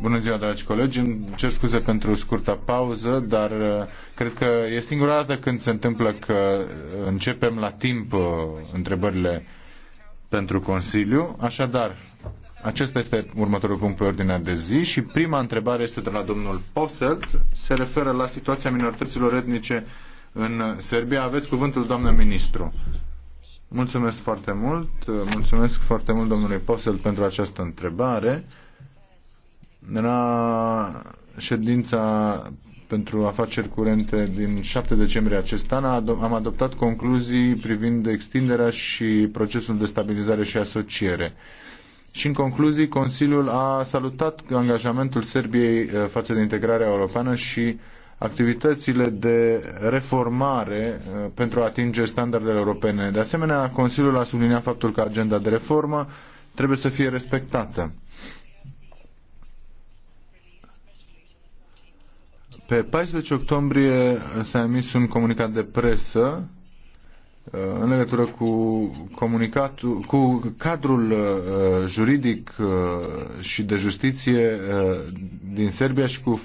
Bună ziua, dragi colegi. Îmi cer scuze pentru scurta pauză, dar uh, cred că e singura dată când se întâmplă că uh, începem la timp uh, întrebările pentru Consiliu. Așadar, acesta este următorul punct pe ordinea de zi și prima întrebare este de la domnul Posel, Se referă la situația minorităților etnice în Serbia. Aveți cuvântul, doamnă ministru. Mulțumesc foarte mult, mulțumesc foarte mult domnului Posel pentru această întrebare. La ședința pentru afaceri curente din 7 decembrie acest an am adoptat concluzii privind extinderea și procesul de stabilizare și asociere. Și în concluzii, Consiliul a salutat angajamentul Serbiei eh, față de integrarea europeană și activitățile de reformare uh, pentru a atinge standardele europene. De asemenea, Consiliul a subliniat faptul că agenda de reformă trebuie să fie respectată. Pe 14 octombrie s-a emis un comunicat de presă în legătură cu comunicatul, cu cadrul uh, juridic uh, și de justiție uh, din Serbia și cu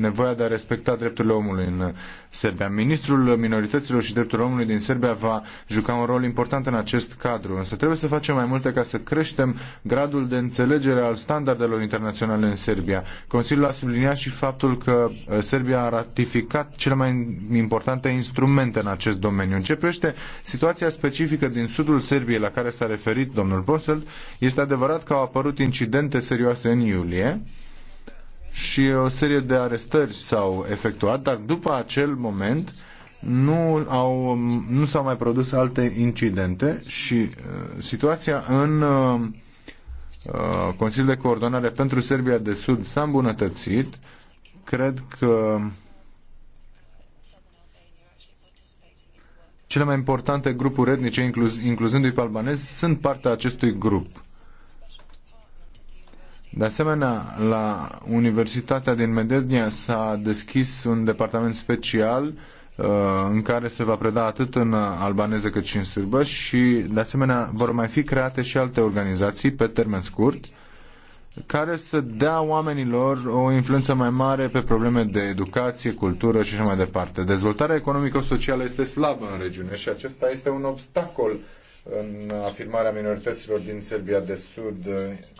nevoia de a respecta drepturile omului în Serbia. Ministrul Minorităților și Drepturilor Omului din Serbia va juca un rol important în acest cadru, însă trebuie să facem mai multe ca să creștem gradul de înțelegere al standardelor internaționale în Serbia. Consiliul a subliniat și faptul că Serbia a ratificat cele mai importante instrumente în acest domeniu. În privește situația specifică din sudul Serbiei la care s-a referit domnul Boselt, este adevărat că au apărut incidente serioase în iulie și o serie de arestări s-au efectuat, dar după acel moment nu, au, nu s-au mai produs alte incidente și uh, situația în uh, uh Consiliul de Coordonare pentru Serbia de Sud s-a îmbunătățit. Cred că Cele mai importante grupuri etnice, incluz, incluzându-i pe albanezi, sunt partea acestui grup. De asemenea, la Universitatea din Medednia s-a deschis un departament special uh, în care se va preda atât în albaneză cât și în sârbă și, de asemenea, vor mai fi create și alte organizații pe termen scurt care să dea oamenilor o influență mai mare pe probleme de educație, cultură și așa mai departe. Dezvoltarea economico-socială este slabă în regiune și acesta este un obstacol în afirmarea minorităților din Serbia de Sud.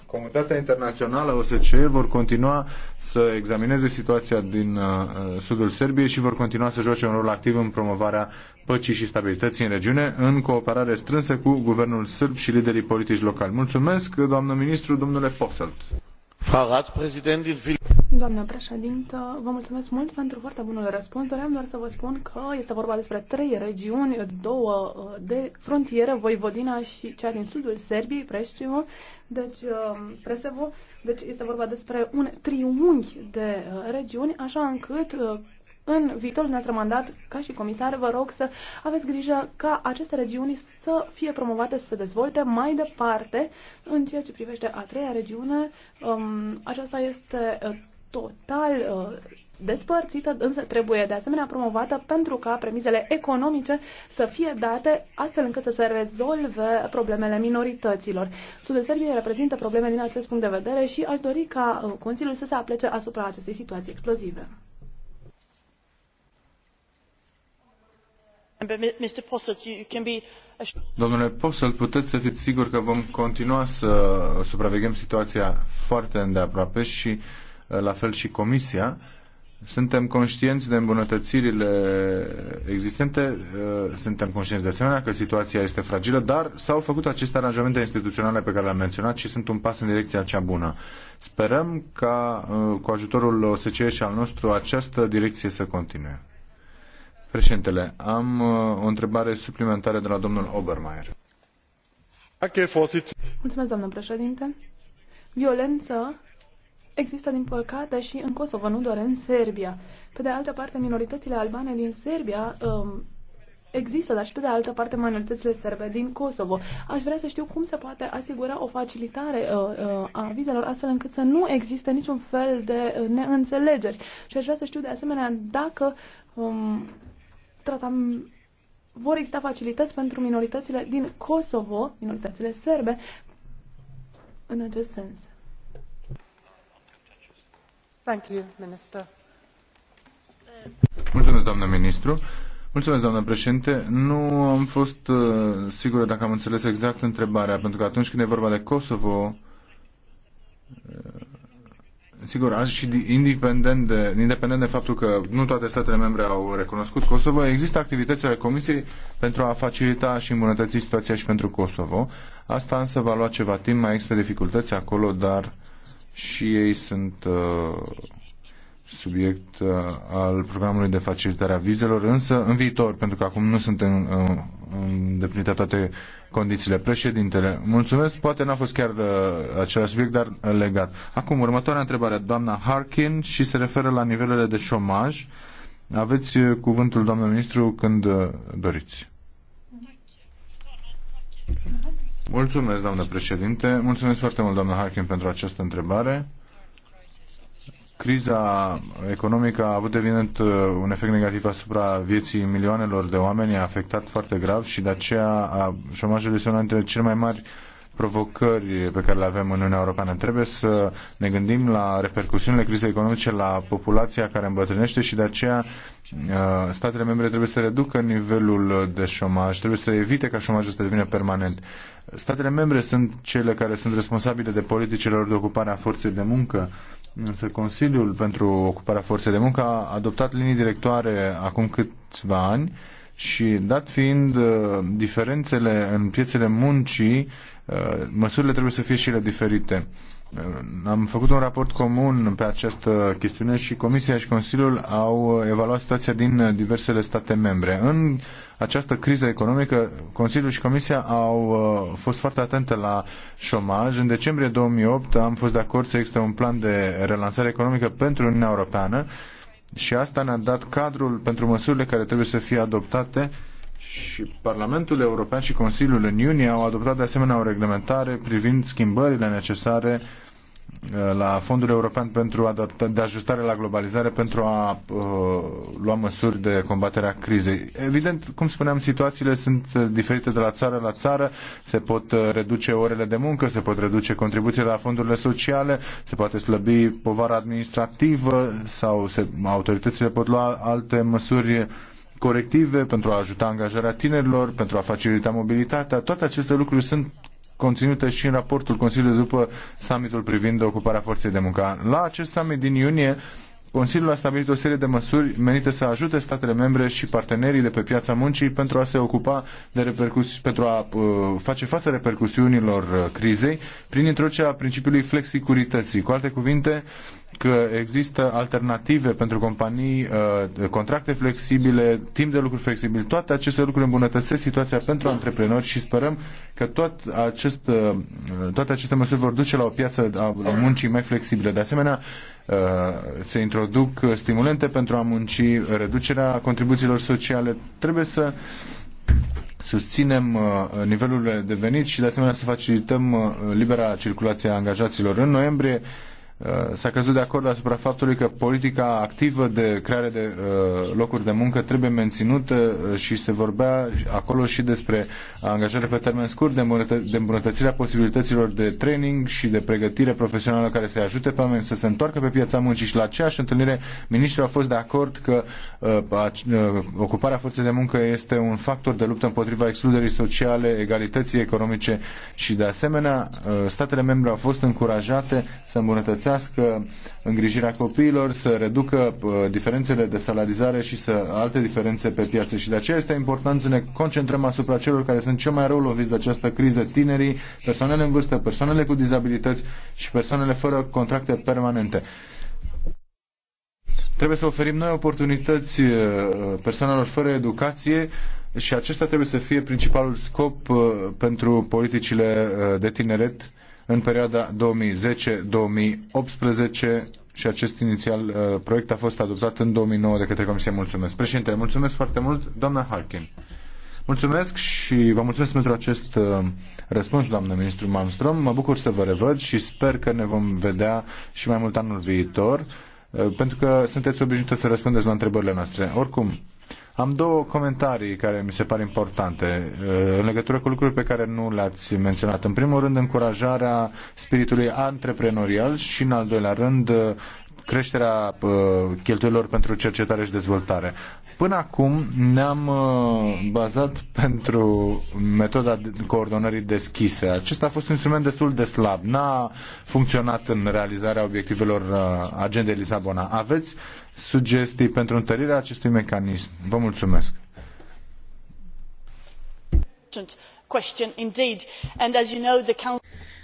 Comunitatea internațională OSCE vor continua să examineze situația din uh, sudul Serbiei și vor continua să joace un rol activ în promovarea păcii și stabilității în regiune, în cooperare strânsă cu guvernul sârb și liderii politici locali. Mulțumesc, doamnă ministru, domnule Posselt. Doamnă președintă, vă mulțumesc mult pentru foarte bunul răspuns. Doream doar să vă spun că este vorba despre trei regiuni, două uh, de frontieră, Voivodina și cea din sudul Serbiei, Preștivo, deci uh, Presevo. Deci este vorba despre un triunghi de uh, regiuni, așa încât în viitorul nostru mandat ca și comisar, vă rog să aveți grijă ca aceste regiuni să fie promovate, să se dezvolte mai departe în ceea ce privește a treia regiune. Um, aceasta este uh, total uh, despărțită, însă trebuie de asemenea promovată pentru ca premizele economice să fie date astfel încât să se rezolve problemele minorităților. Sudul Serbiei reprezintă probleme din acest punct de vedere și aș dori ca uh, Consiliul să se aplece asupra acestei situații explozive. Domnule Posselt, puteți să fiți sigur că vom continua să supraveghem situația foarte îndeaproape și uh, la fel și Comisia. Suntem conștienți de îmbunătățirile existente, uh, suntem conștienți de asemenea că situația este fragilă, dar s-au făcut aceste aranjamente instituționale pe care le-am menționat și sunt un pas în direcția cea bună. Sperăm ca uh, cu ajutorul OSCE și al nostru această direcție să continue. Președintele, am uh, o întrebare suplimentară de la domnul Obermeier. Mulțumesc, domnul președinte. Violență există, din păcate, și în Kosovo, nu doar în Serbia. Pe de altă parte, minoritățile albane din Serbia um, există, dar și pe de altă parte minoritățile serbe din Kosovo. Aș vrea să știu cum se poate asigura o facilitare uh, uh, a vizelor astfel încât să nu existe niciun fel de uh, neînțelegeri. Și aș vrea să știu de asemenea dacă um, tratam, vor exista facilități pentru minoritățile din Kosovo, minoritățile serbe, în acest sens. Thank you, Minister. Mulțumesc, doamnă ministru. Mulțumesc, doamnă președinte. Nu am fost uh, sigură dacă am înțeles exact întrebarea, pentru că atunci când e vorba de Kosovo, uh, Sigur, azi și independent de, independent de faptul că nu toate statele membre au recunoscut Kosovo, există activități ale Comisiei pentru a facilita și îmbunătăți situația și pentru Kosovo. Asta însă va lua ceva timp, mai există dificultăți acolo, dar și ei sunt uh, subiect uh, al programului de facilitare a vizelor, însă în viitor, pentru că acum nu sunt în, uh, în, toate condițiile. Președintele, mulțumesc, poate n-a fost chiar uh, același subiect, dar uh, legat. Acum, următoarea întrebare, doamna Harkin, și se referă la nivelele de șomaj. Aveți uh, cuvântul, doamnă ministru, când uh, doriți. Mulțumesc, doamnă președinte. Mulțumesc foarte mult, doamnă Harkin, pentru această întrebare. Criza economică a avut evident un efect negativ asupra vieții milioanelor de oameni, a afectat foarte grav și de aceea șomajul este una dintre cele mai mari provocări pe care le avem în Uniunea Europeană. Trebuie să ne gândim la repercusiunile crizei economice la populația care îmbătrânește și de aceea uh, statele membre trebuie să reducă nivelul de șomaj, trebuie să evite ca șomajul să devină permanent. Statele membre sunt cele care sunt responsabile de politicile lor de ocupare a forței de muncă, însă Consiliul pentru ocuparea forței de muncă a adoptat linii directoare acum câțiva ani și dat fiind uh, diferențele în piețele muncii, uh, măsurile trebuie să fie și ele diferite. Uh, am făcut un raport comun pe această chestiune și Comisia și Consiliul au evaluat situația din diversele state membre. În această criză economică, Consiliul și Comisia au fost foarte atente la șomaj. În decembrie 2008 am fost de acord să existe un plan de relansare economică pentru Uniunea Europeană și asta ne-a dat cadrul pentru măsurile care trebuie să fie adoptate și Parlamentul European și Consiliul în iunie au adoptat de asemenea o reglementare privind schimbările necesare Uh, la Fondul European pentru adapta, de ajustare la globalizare pentru a uh, lua măsuri de combatere a crizei. Evident, cum spuneam, situațiile sunt uh, diferite de la țară la țară, se pot uh, reduce orele de muncă, se pot reduce contribuțiile la fondurile sociale, se poate slăbi povara administrativă sau se, autoritățile pot lua alte măsuri corective pentru a ajuta angajarea tinerilor, pentru a facilita mobilitatea. Toate aceste lucruri sunt conținută și în raportul Consiliului după summitul privind ocuparea forței de muncă. La acest summit din iunie Consiliul a stabilit o serie de măsuri menite să ajute statele membre și partenerii de pe piața muncii pentru a se ocupa de repercusi- pentru a uh, face față repercusiunilor uh, crizei prin introducerea principiului flexicurității. Cu alte cuvinte, că există alternative pentru companii, uh, contracte flexibile, timp de lucru flexibil. Toate aceste lucruri îmbunătățesc situația pentru antreprenori și sperăm că tot acest, uh, toate aceste măsuri vor duce la o piață a muncii mai flexibile. De asemenea, Uh, se introduc stimulente pentru a munci, reducerea contribuțiilor sociale. Trebuie să susținem uh, nivelurile de venit și de asemenea să facilităm uh, libera circulație a angajaților. În noiembrie Uh, s-a căzut de acord asupra faptului că politica activă de creare de uh, locuri de muncă trebuie menținută uh, și se vorbea acolo și despre angajare pe termen scurt, de îmbunătățirea posibilităților de training și de pregătire profesională care să-i ajute pe oameni să se întoarcă pe piața muncii și la aceeași întâlnire ministrii au fost de acord că ocuparea forței de muncă este un factor de luptă împotriva excluderii sociale, egalității economice și de asemenea statele membre au fost încurajate să îmbunătățească folosească îngrijirea copiilor, să reducă uh, diferențele de salarizare și să alte diferențe pe piață. Și de aceea este important să ne concentrăm asupra celor care sunt cel mai rău loviți de această criză, tinerii, persoanele în vârstă, persoanele cu dizabilități și persoanele fără contracte permanente. Trebuie să oferim noi oportunități uh, persoanelor fără educație și acesta trebuie să fie principalul scop uh, pentru politicile de tineret în perioada 2010-2018 și acest inițial uh, proiect a fost adoptat în 2009 de către Comisie. Mulțumesc. Președinte, mulțumesc foarte mult, doamna Harkin. Mulțumesc și vă mulțumesc pentru acest uh, răspuns, doamnă ministru Malmström. Mă bucur să vă revăd și sper că ne vom vedea și mai mult anul viitor, uh, pentru că sunteți obișnuită să răspundeți la întrebările noastre. Oricum, uh, am două comentarii care mi se par importante uh, în legătură cu lucruri pe care nu le-ați menționat. În primul rând, încurajarea spiritului antreprenorial și, în al doilea rând, uh, creșterea uh, cheltuielor pentru cercetare și dezvoltare. Până acum ne-am bazat pentru metoda coordonării deschise. Acesta a fost un instrument destul de slab. N-a funcționat în realizarea obiectivelor agendei Lisabona. Aveți uh, sugestii pentru întărirea acestui mecanism. Vă mulțumesc.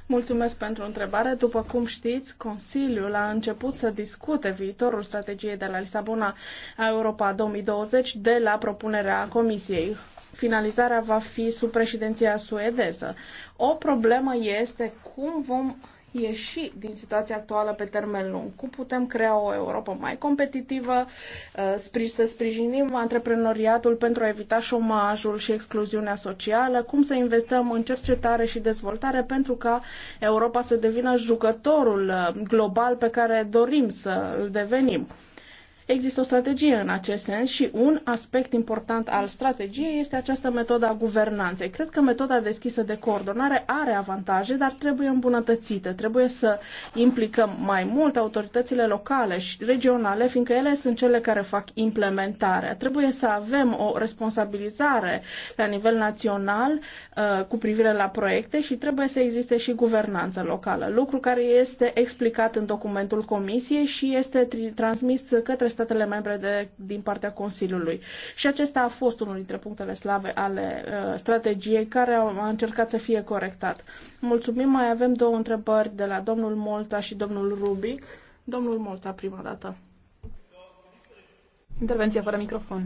Mulțumesc pentru întrebare. După cum știți, Consiliul a început să discute viitorul strategiei de la Lisabona a Europa 2020 de la propunerea Comisiei. Finalizarea va fi sub președinția suedeză. O problemă este cum vom ieși din situația actuală pe termen lung, cum putem crea o Europa mai competitivă, uh, să sprijinim antreprenoriatul pentru a evita șomajul și excluziunea socială, cum să investăm în cercetare și dezvoltare pentru ca Europa să devină jucătorul uh, global pe care dorim să îl devenim Există o strategie în acest sens și un aspect important al strategiei este această metodă a guvernanței. Cred că metoda deschisă de coordonare are avantaje, dar trebuie îmbunătățită. Trebuie să implicăm mai mult autoritățile locale și regionale, fiindcă ele sunt cele care fac implementarea. Trebuie să avem o responsabilizare la nivel național uh, cu privire la proiecte și trebuie să existe și guvernanță locală, lucru care este explicat în documentul Comisiei și este transmis către statele membre de, din partea Consiliului. Și acesta a fost unul dintre punctele slabe ale uh, strategiei care a încercat să fie corectat. Mulțumim, mai avem două întrebări de la domnul Molta și domnul Rubic. Domnul Molta, prima dată. Intervenția fără microfon.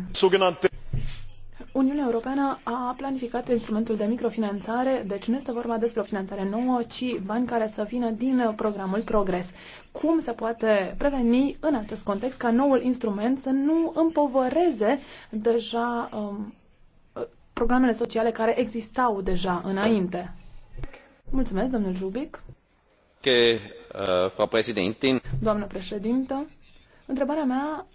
Uniunea Europeană a planificat instrumentul de microfinanțare, deci nu este vorba despre o finanțare nouă, ci bani care să vină din programul Progres. Cum se poate preveni în acest context ca noul instrument să nu împovăreze deja um, programele sociale care existau deja înainte? Mulțumesc, domnul Jubic. Că, uh, Doamnă președintă, întrebarea mea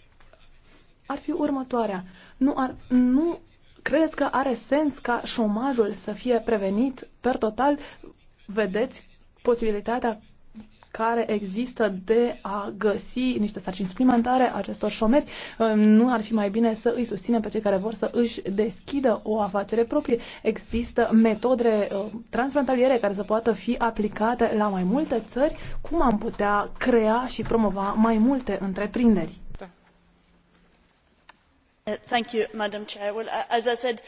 ar fi următoarea. Nu, ar, nu Credeți că are sens ca șomajul să fie prevenit per total? Vedeți posibilitatea care există de a găsi niște sarcini suplimentare acestor șomeri. Ehm, nu ar fi mai bine să îi susținem pe cei care vor să își deschidă o afacere proprie. Există metode ehm, transfrontaliere care să poată fi aplicate la mai multe țări. Cum am putea crea și promova mai multe întreprinderi? Uh, Madam uh, as i said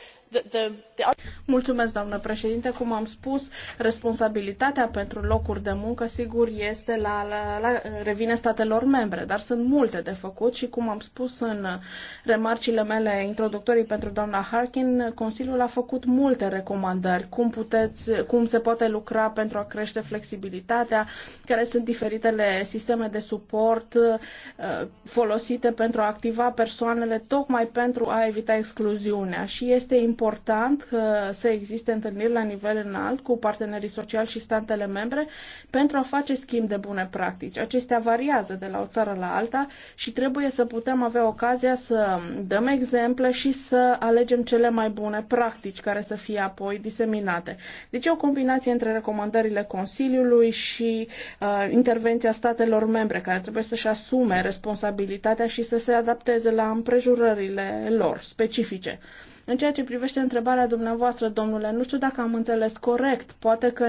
Mulțumesc, doamnă președinte. Cum am spus, responsabilitatea pentru locuri de muncă, sigur, este la, la, la, revine statelor membre, dar sunt multe de făcut și, cum am spus în remarcile mele introductorii pentru doamna Harkin, Consiliul a făcut multe recomandări, cum, puteți, cum se poate lucra pentru a crește flexibilitatea, care sunt diferitele sisteme de suport uh, folosite pentru a activa persoanele tocmai pentru a evita excluziunea și este important important să existe întâlniri la nivel înalt cu partenerii sociali și statele membre pentru a face schimb de bune practici. Acestea variază de la o țară la alta și trebuie să putem avea ocazia să dăm exemple și să alegem cele mai bune practici care să fie apoi diseminate. Deci e o combinație între recomandările Consiliului și uh, intervenția statelor membre care trebuie să-și asume responsabilitatea și să se adapteze la împrejurările lor specifice. În ceea ce privește întrebarea dumneavoastră, domnule, nu știu dacă am înțeles corect, poate că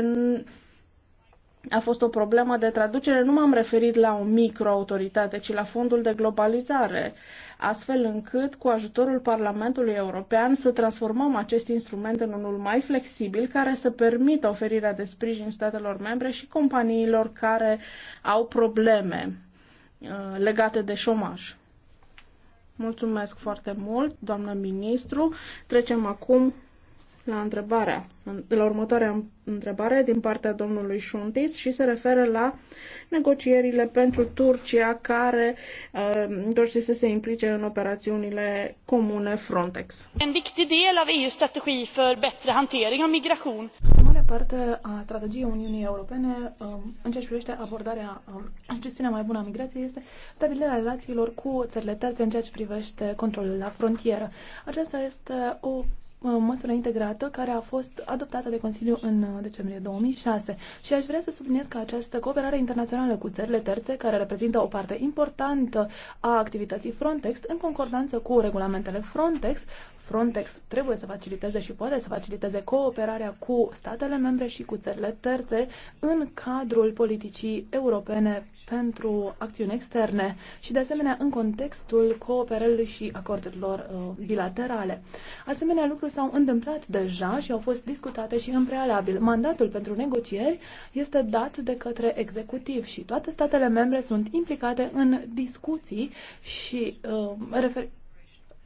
a fost o problemă de traducere, nu m-am referit la o microautoritate, ci la fondul de globalizare, astfel încât, cu ajutorul Parlamentului European, să transformăm acest instrument în unul mai flexibil, care să permită oferirea de sprijin statelor membre și companiilor care au probleme uh, legate de șomaj. Mulțumesc foarte mult, doamnă ministru. Trecem acum la întrebarea, la următoarea întrebare din partea domnului Șuntis și se referă la negocierile pentru Turcia care uh, dorește să se implice în operațiunile comune Frontex. En viktig del av strategi för bättre hantering av migration parte a strategiei Uniunii Europene um, în ceea ce privește abordarea um, și gestiunea mai bună a migrației este stabilirea relațiilor cu țările terțe în ceea ce privește controlul la frontieră. Aceasta este o măsură integrată care a fost adoptată de Consiliu în uh, decembrie 2006 și aș vrea să subliniez că această cooperare internațională cu țările terțe, care reprezintă o parte importantă a activității Frontex, în concordanță cu regulamentele Frontex, Frontex trebuie să faciliteze și poate să faciliteze cooperarea cu statele membre și cu țările terțe în cadrul politicii europene pentru acțiuni externe și, de asemenea, în contextul cooperării și acordurilor uh, bilaterale. Asemenea, lucruri s-au întâmplat deja și au fost discutate și în prealabil. Mandatul pentru negocieri este dat de către executiv și toate statele membre sunt implicate în discuții și uh, refer-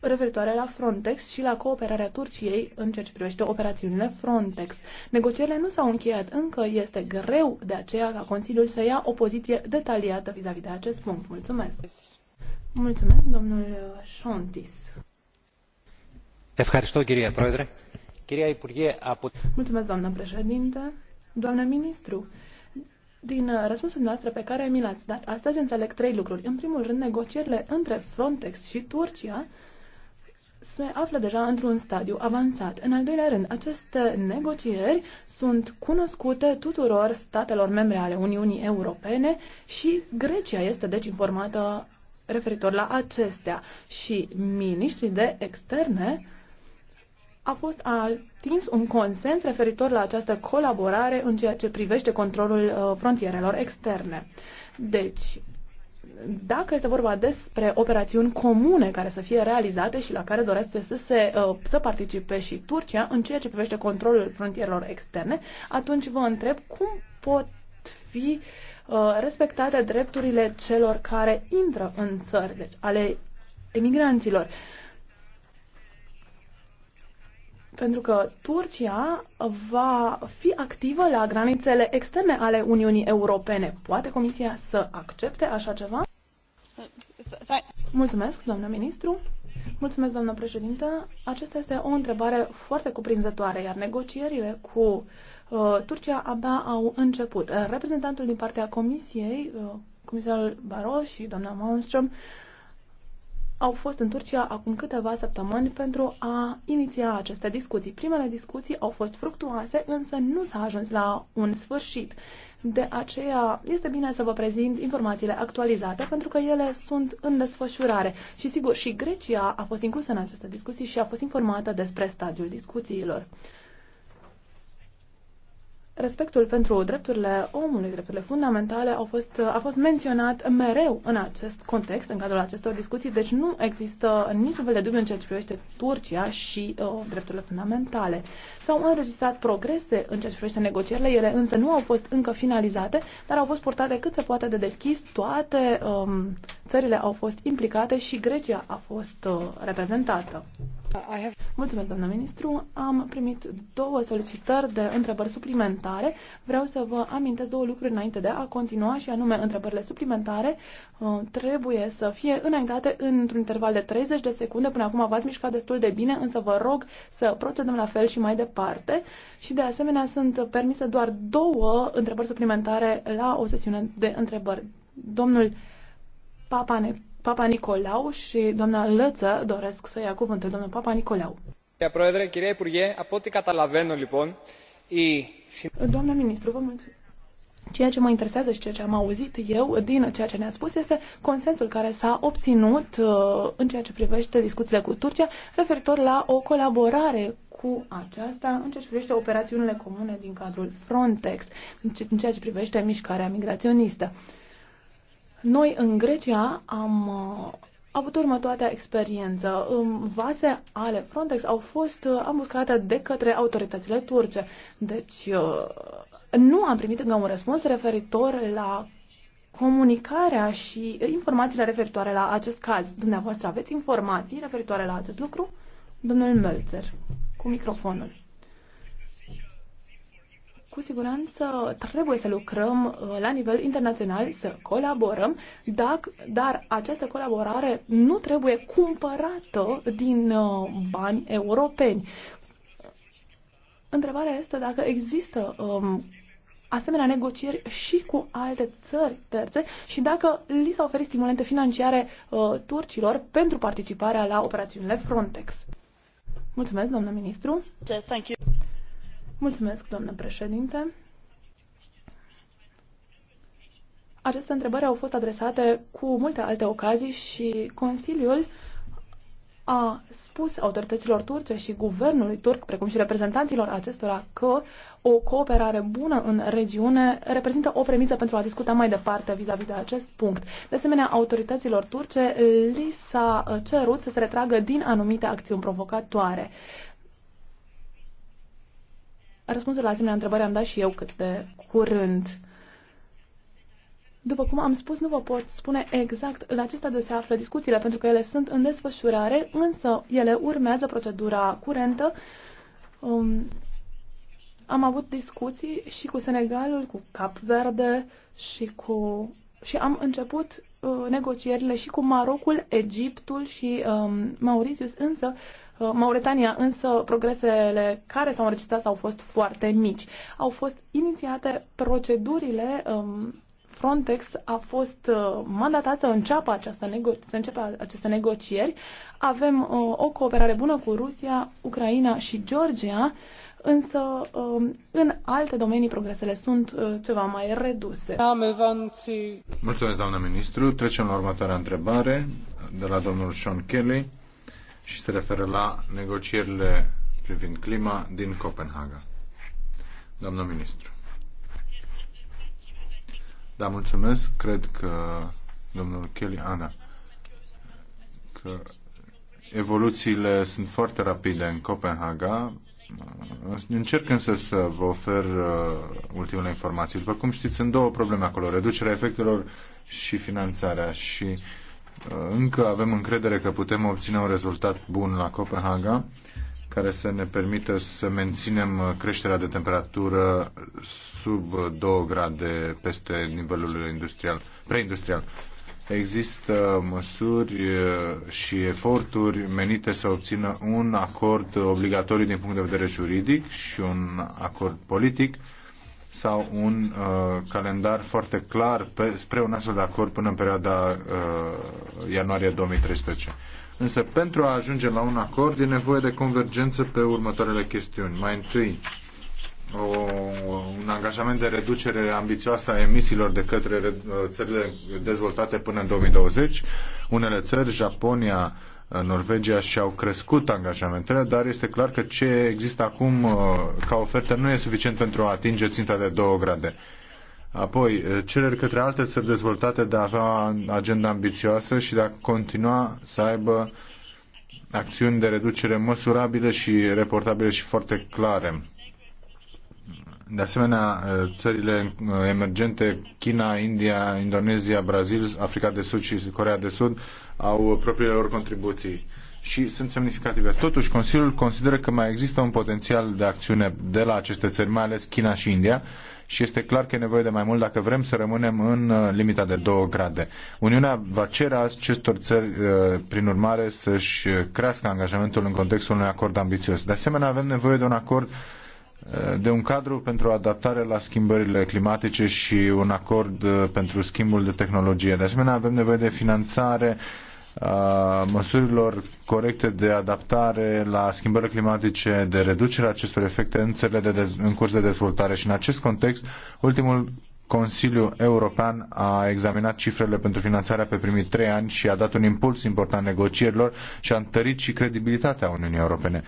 referitoare la Frontex și la cooperarea Turciei în ceea ce privește operațiunile Frontex. Negocierile nu s-au încheiat încă, este greu de aceea ca Consiliul să ia o poziție detaliată vis-a-vis -vis de acest punct. Mulțumesc! Mulțumesc, domnul Șontis. Mulțumesc, doamnă președinte, doamnă ministru. Din răspunsul noastră pe care mi l-ați dat, astăzi înțeleg trei lucruri. În primul rând, negocierile între Frontex și Turcia se află deja într-un stadiu avansat. În al doilea rând, aceste negocieri sunt cunoscute tuturor statelor membre ale Uniunii Europene și Grecia este deci informată referitor la acestea și ministrii de externe a fost atins un consens referitor la această colaborare în ceea ce privește controlul uh, frontierelor externe. Deci, dacă este vorba despre operațiuni comune care să fie realizate și la care dorește să, se, uh, să participe și Turcia în ceea ce privește controlul frontierelor externe, atunci vă întreb cum pot fi uh, respectate drepturile celor care intră în țări, deci ale emigranților. Pentru că Turcia va fi activă la granițele externe ale Uniunii Europene. Poate Comisia să accepte așa ceva? Mulțumesc, doamnă ministru. Mulțumesc, doamnă președintă. Aceasta este o întrebare foarte cuprinzătoare, iar negocierile cu uh, Turcia abia au început. Reprezentantul din partea Comisiei, uh, comisarul Baros și doamna Malmström, au fost în Turcia acum câteva săptămâni pentru a iniția aceste discuții. Primele discuții au fost fructuoase, însă nu s-a ajuns la un sfârșit. De aceea este bine să vă prezint informațiile actualizate, pentru că ele sunt în desfășurare. Și sigur, și Grecia a fost inclusă în aceste discuții și a fost informată despre stadiul discuțiilor respectul pentru drepturile omului, drepturile fundamentale au fost, a fost menționat mereu în acest context, în cadrul acestor discuții, deci nu există niciun fel de dubiu în ceea ce privește Turcia și uh, drepturile fundamentale. S-au înregistrat progrese în ceea ce privește negocierile, ele însă nu au fost încă finalizate, dar au fost portate cât se poate de deschis, toate um, țările au fost implicate și Grecia a fost uh, reprezentată. Mulțumesc, doamna ministru. Am primit două solicitări de întrebări suplimentare. Vreau să vă amintesc două lucruri înainte de a continua și anume întrebările suplimentare uh, trebuie să fie înaintate într-un interval de 30 de secunde. Până acum v-ați mișcat destul de bine, însă vă rog să procedăm la fel și mai departe. Și de asemenea sunt permise doar două întrebări suplimentare la o sesiune de întrebări. Domnul Papane Papa Nicolau și doamna Lăță doresc să ia cuvântul. Domnul Papa Nicolau. Doamna ministru, vă mulțumesc. Ceea ce mă interesează și ceea ce am auzit eu din ceea ce ne-a spus este consensul care s-a obținut uh, în ceea ce privește discuțiile cu Turcia referitor la o colaborare cu aceasta în ceea ce privește operațiunile comune din cadrul Frontex, în ceea ce privește mișcarea migraționistă. Noi în Grecia am uh, avut următoarea experiență. în Vase ale Frontex au fost uh, ambuscate de către autoritățile turce. Deci uh, nu am primit încă un răspuns referitor la comunicarea și informațiile referitoare la acest caz. Dumneavoastră aveți informații referitoare la acest lucru? Domnul Mölzer, cu microfonul cu siguranță trebuie să lucrăm uh, la nivel internațional, să colaborăm, dacă, dar această colaborare nu trebuie cumpărată din uh, bani europeni. Întrebarea este dacă există um, asemenea negocieri și cu alte țări terțe și dacă li s-au oferit stimulente financiare uh, turcilor pentru participarea la operațiunile Frontex. Mulțumesc, domnul ministru. Thank you. Mulțumesc, doamnă președinte. Aceste întrebări au fost adresate cu multe alte ocazii și Consiliul a spus autorităților turce și guvernului turc, precum și reprezentanților acestora, că o cooperare bună în regiune reprezintă o premisă pentru a discuta mai departe vis-a-vis -vis de acest punct. De asemenea, autorităților turce li s-a cerut să se retragă din anumite acțiuni provocatoare. Răspunsul la asemenea întrebare am dat și eu cât de curând. După cum am spus, nu vă pot spune exact la ce stadiu se află discuțiile, pentru că ele sunt în desfășurare, însă ele urmează procedura curentă. Um, am avut discuții și cu Senegalul, cu Cap Verde și cu și am început uh, negocierile și cu Marocul, Egiptul și um, Mauritius, însă Uh, Mauretania, însă progresele care s-au înregistrat au fost foarte mici. Au fost inițiate procedurile um, Frontex a fost uh, mandatat să înceapă această nego- să începe aceste negocieri. Avem uh, o cooperare bună cu Rusia, Ucraina și Georgia, însă um, în alte domenii progresele sunt uh, ceva mai reduse. Da, Mulțumesc, doamnă ministru. Trecem la următoarea întrebare de la domnul Sean Kelly și se referă la negocierile privind clima din Copenhaga. Doamnă ministru. Da, mulțumesc. Cred că domnul Kelly, Ana, că evoluțiile sunt foarte rapide în Copenhaga. Încerc însă să vă ofer uh, ultimele informații. După cum știți, sunt două probleme acolo. Reducerea efectelor și finanțarea. Și Uh, încă avem încredere că putem obține un rezultat bun la Copenhaga care să ne permită să menținem uh, creșterea de temperatură sub 2 uh, grade peste nivelul industrial, preindustrial. Există măsuri și eforturi menite să obțină un acord obligatoriu din punct de vedere juridic și un acord politic sau un uh, calendar foarte clar pe, spre un astfel de acord până în perioada uh, ianuarie 2013. Însă pentru a ajunge la un acord e nevoie de convergență pe următoarele chestiuni. Mai întâi, o, un angajament de reducere ambițioasă a emisiilor de către uh, țările dezvoltate până în 2020. Unele țări, Japonia, Norvegia și-au crescut angajamentele, dar este clar că ce există acum uh, ca ofertă nu e suficient pentru a atinge ținta de 2 grade. Apoi, uh, cereri către alte țări dezvoltate de a avea agenda ambițioasă și de a continua să aibă acțiuni de reducere măsurabile și reportabile și foarte clare. De asemenea, uh, țările emergente, China, India, Indonezia, Brazil, Africa de Sud și Corea de Sud, au propriile lor contribuții și sunt semnificative. Totuși, Consiliul consideră că mai există un potențial de acțiune de la aceste țări, mai ales China și India, și este clar că e nevoie de mai mult dacă vrem să rămânem în uh, limita de 2 grade. Uniunea va cere acestor țări, uh, prin urmare, să-și uh, crească angajamentul în contextul unui acord ambițios. De asemenea, avem nevoie de un acord de un cadru pentru adaptare la schimbările climatice și un acord pentru schimbul de tehnologie. De asemenea, avem nevoie de finanțare uh, măsurilor corecte de adaptare la schimbările climatice, de reducerea acestor efecte în țările de dez- în curs de dezvoltare. Și în acest context, ultimul Consiliul European a examinat cifrele pentru finanțarea pe primii trei ani și a dat un impuls important negocierilor și a întărit și credibilitatea Uniunii Europene.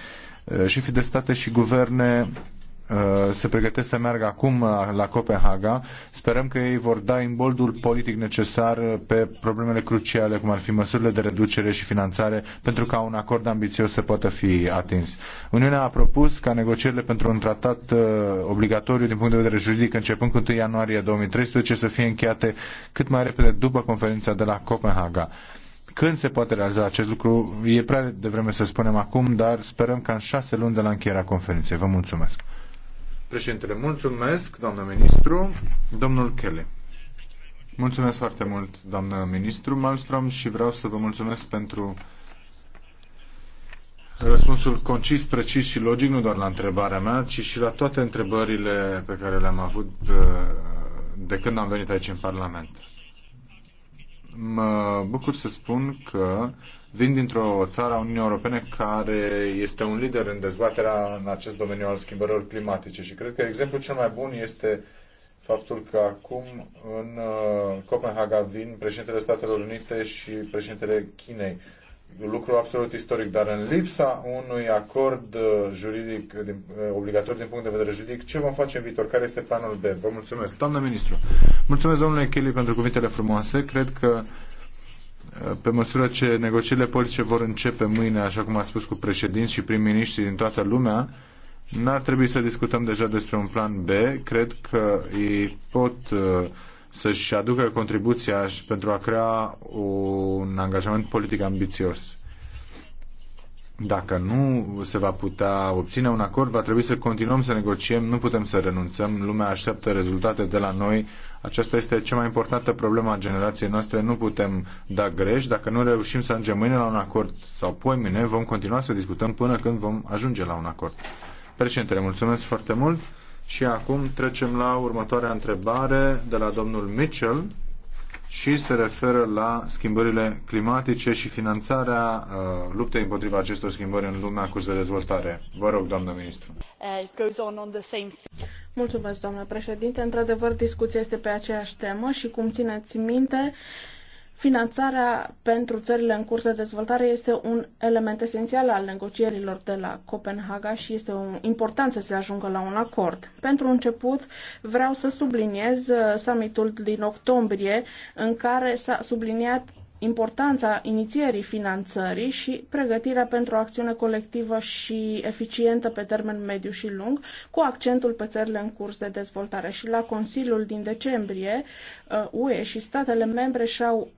Șefii de state și guverne Uh, se pregătesc să meargă acum uh, la Copenhaga. Sperăm că ei vor da imboldul politic necesar uh, pe problemele cruciale, cum ar fi măsurile de reducere și finanțare, pentru ca un acord ambițios să poată fi atins. Uniunea a propus ca negocierile pentru un tratat obligatoriu din punct de vedere juridic, începând cu 1 ianuarie 2013, să fie încheiate cât mai repede după conferința de la Copenhaga. Când se poate realiza acest lucru? E prea devreme să spunem acum, dar sperăm ca în șase luni de la încheierea conferinței. Vă mulțumesc! Președintele, mulțumesc, doamnă ministru, domnul Kelly. Mulțumesc foarte mult, doamnă ministru Malmström, și vreau să vă mulțumesc pentru răspunsul concis, precis și logic, nu doar la întrebarea mea, ci și la toate întrebările pe care le-am avut uh, de când am venit aici în Parlament. Mă bucur să spun că Vin dintr-o țară a Uniunii Europene care este un lider în dezbaterea în acest domeniu al schimbărilor climatice și cred că exemplul cel mai bun este faptul că acum în uh, Copenhaga vin președintele Statelor Unite și președintele Chinei. Lucru absolut istoric, dar în lipsa unui acord uh, juridic din, uh, obligatoriu din punct de vedere juridic, ce vom face în viitor? Care este planul B? Vă mulțumesc. Doamnă ministru, mulțumesc domnule Kelly pentru cuvintele frumoase. Cred că pe măsură ce negocierile politice vor începe mâine, așa cum a spus, cu președinți și prim-miniștri din toată lumea, n-ar trebui să discutăm deja despre un plan B. Cred că ei pot uh, să-și aducă contribuția pentru a crea un angajament politic ambițios. Dacă nu se va putea obține un acord, va trebui să continuăm să negociem, nu putem să renunțăm, lumea așteaptă rezultate de la noi. Aceasta este cea mai importantă problemă a generației noastre, nu putem da greș. Dacă nu reușim să ajungem mâine la un acord sau poimine, vom continua să discutăm până când vom ajunge la un acord. Președintele, mulțumesc foarte mult și acum trecem la următoarea întrebare de la domnul Mitchell și se referă la schimbările climatice și finanțarea uh, luptei împotriva acestor schimbări în lumea curs de dezvoltare. Vă rog, doamnă ministru. Uh, Mulțumesc, doamnă președinte. Într-adevăr, discuția este pe aceeași temă și, cum țineți minte, uh, Finanțarea pentru țările în curs de dezvoltare este un element esențial al negocierilor de la Copenhaga și este un, important să se ajungă la un acord. Pentru început, vreau să subliniez uh, summitul din octombrie, în care s-a subliniat importanța inițierii finanțării și pregătirea pentru o acțiune colectivă și eficientă pe termen mediu și lung, cu accentul pe țările în curs de dezvoltare. Și la Consiliul din decembrie, uh, UE și statele membre și-au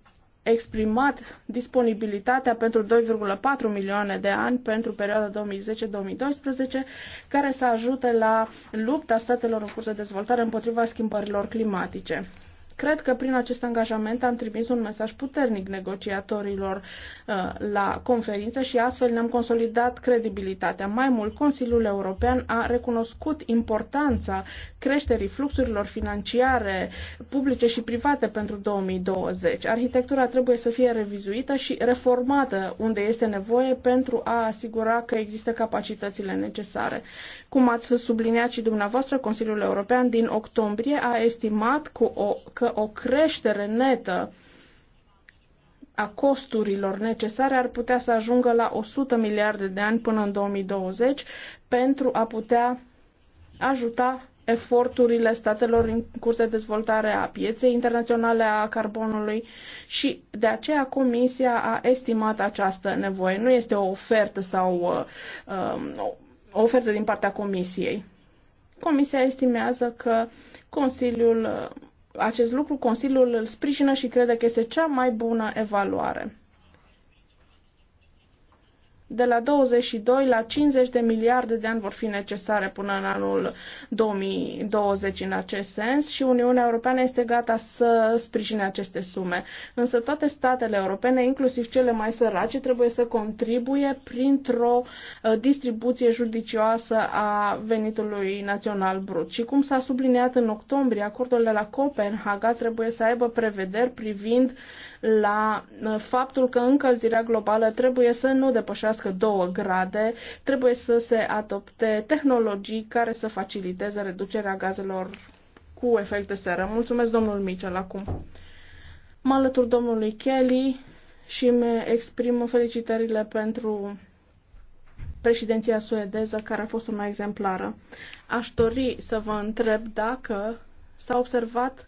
exprimat disponibilitatea pentru 2,4 milioane de ani pentru perioada 2010-2012, care să ajute la lupta statelor în curs de dezvoltare împotriva schimbărilor climatice. Cred că prin acest angajament am trimis un mesaj puternic negociatorilor uh, la conferință și astfel ne-am consolidat credibilitatea. Mai mult, Consiliul European a recunoscut importanța creșterii fluxurilor financiare publice și private pentru 2020. Arhitectura trebuie să fie revizuită și reformată unde este nevoie pentru a asigura că există capacitățile necesare. Cum ați subliniat și dumneavoastră, Consiliul European din octombrie a estimat cu o, că că o creștere netă a costurilor necesare ar putea să ajungă la 100 miliarde de ani până în 2020 pentru a putea ajuta eforturile statelor în curs de dezvoltare a pieței internaționale a carbonului și de aceea Comisia a estimat această nevoie. Nu este o ofertă sau uh, um, o ofertă din partea Comisiei. Comisia estimează că Consiliul uh, acest lucru Consiliul îl sprijină și crede că este cea mai bună evaluare de la 22 la 50 de miliarde de ani vor fi necesare până în anul 2020 în acest sens și Uniunea Europeană este gata să sprijine aceste sume. Însă toate statele europene, inclusiv cele mai sărace, trebuie să contribuie printr-o uh, distribuție judicioasă a venitului național brut. Și cum s-a subliniat în octombrie, acordul de la Copenhaga trebuie să aibă prevederi privind la uh, faptul că încălzirea globală trebuie să nu depășească 2 grade, trebuie să se adopte tehnologii care să faciliteze reducerea gazelor cu efect de seră. Mulțumesc, domnul Michel, acum. Mă alătur domnului Kelly și îmi exprim felicitările pentru președinția suedeză, care a fost una exemplară. Aș dori să vă întreb dacă s-a observat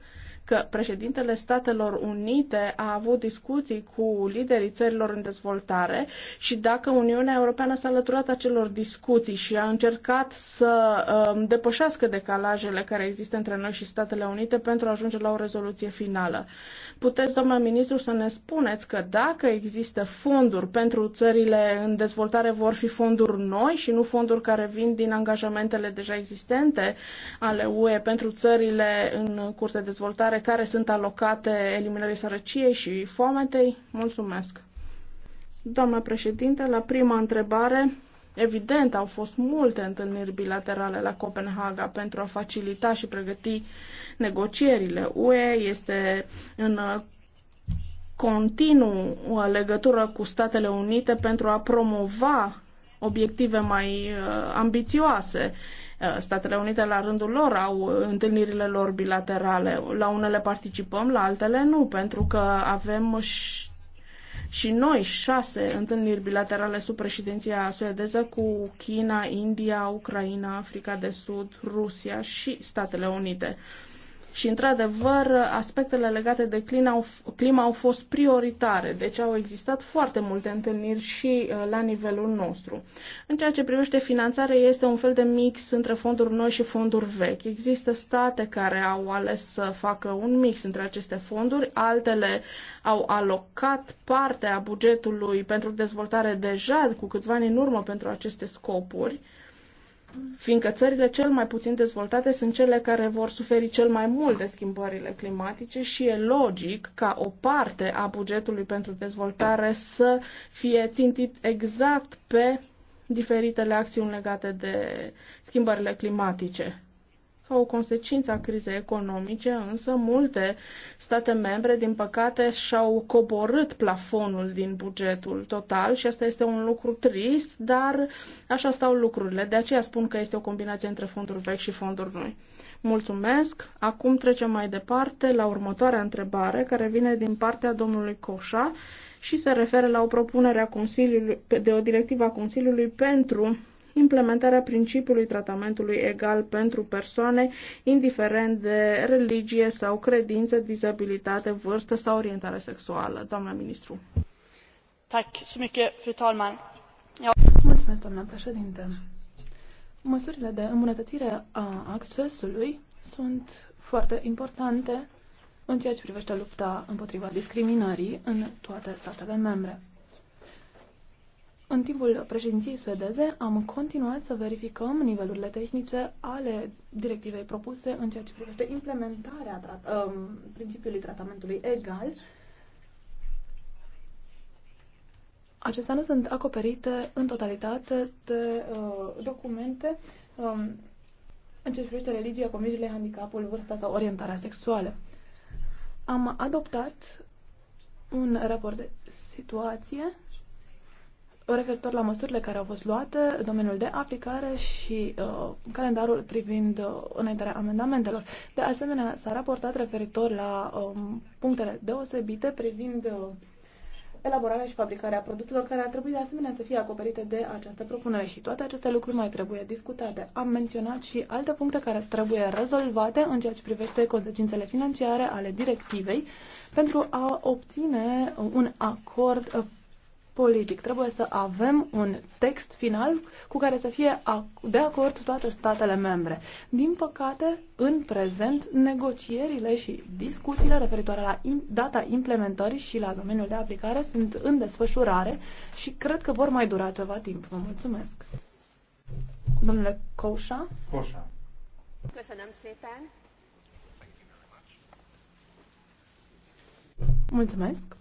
că președintele Statelor Unite a avut discuții cu liderii țărilor în dezvoltare și dacă Uniunea Europeană s-a alăturat acelor discuții și a încercat să um, depășească decalajele care există între noi și Statele Unite pentru a ajunge la o rezoluție finală. Puteți, domnule ministru, să ne spuneți că dacă există fonduri pentru țările în dezvoltare, vor fi fonduri noi și nu fonduri care vin din angajamentele deja existente ale UE pentru țările în curs de dezvoltare care sunt alocate eliminării sărăciei și foametei? Mulțumesc! Doamna președinte, la prima întrebare, evident, au fost multe întâlniri bilaterale la Copenhaga pentru a facilita și pregăti negocierile. UE este în continuu legătură cu Statele Unite pentru a promova obiective mai uh, ambițioase Statele Unite, la rândul lor, au întâlnirile lor bilaterale. La unele participăm, la altele nu, pentru că avem și, și noi șase întâlniri bilaterale sub președinția suedeză cu China, India, Ucraina, Africa de Sud, Rusia și Statele Unite. Uh, și, într-adevăr, aspectele legate de clima au, clima au fost prioritare, deci au existat foarte multe întâlniri și uh, la nivelul nostru. În ceea ce privește finanțarea, este un fel de mix între fonduri noi și fonduri vechi. Există state care au ales să facă un mix între aceste fonduri, altele au alocat partea bugetului pentru dezvoltare deja cu câțiva ani în urmă pentru aceste scopuri fiindcă țările cel mai puțin dezvoltate sunt cele care vor suferi cel mai mult de schimbările climatice și e logic ca o parte a bugetului pentru dezvoltare să fie țintit exact pe diferitele acțiuni legate de schimbările climatice ca o consecință a crizei economice, însă multe state membre, din păcate, și-au coborât plafonul din bugetul total și asta este un lucru trist, dar așa stau lucrurile. De aceea spun că este o combinație între fonduri vechi și fonduri noi. Mulțumesc. Acum trecem mai departe la următoarea întrebare, care vine din partea domnului Coșa și se referă la o propunere a Consiliului, de o directivă a Consiliului pentru implementarea principiului tratamentului egal pentru persoane, indiferent de religie sau credință, dizabilitate, vârstă sau orientare sexuală. Doamna ministru. Mulțumesc, doamna președinte. Măsurile de îmbunătățire a accesului sunt foarte importante în ceea ce privește lupta împotriva discriminării în toate statele membre. În timpul președinției suedeze am continuat să verificăm nivelurile tehnice ale directivei propuse în ceea ce privește implementarea tra- um, principiului tratamentului egal. Acestea nu sunt acoperite în totalitate de uh, documente um, în ceea ce privește religia, convingerile, handicapul, vârsta sau orientarea sexuală. Am adoptat un raport de situație referitor la măsurile care au fost luate, domeniul de aplicare și uh, calendarul privind uh, înaintarea amendamentelor. De asemenea, s-a raportat referitor la um, punctele deosebite privind uh, elaborarea și fabricarea produselor care ar trebui de asemenea să fie acoperite de această propunere și toate aceste lucruri mai trebuie discutate. Am menționat și alte puncte care trebuie rezolvate în ceea ce privește consecințele financiare ale directivei pentru a obține un acord uh, politic. Trebuie să avem un text final cu care să fie de acord toate statele membre. Din păcate, în prezent, negocierile și discuțiile referitoare la data implementării și la domeniul de aplicare sunt în desfășurare și cred că vor mai dura ceva timp. Vă mulțumesc! Domnule Coșa? Coșa. Köszönöm Mulțumesc.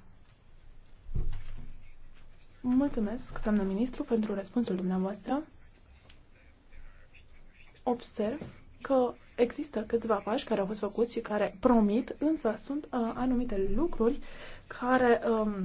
Mulțumesc, doamnă ministru, pentru răspunsul dumneavoastră. Observ că există câțiva pași care au fost făcuți și care promit, însă sunt uh, anumite lucruri care um,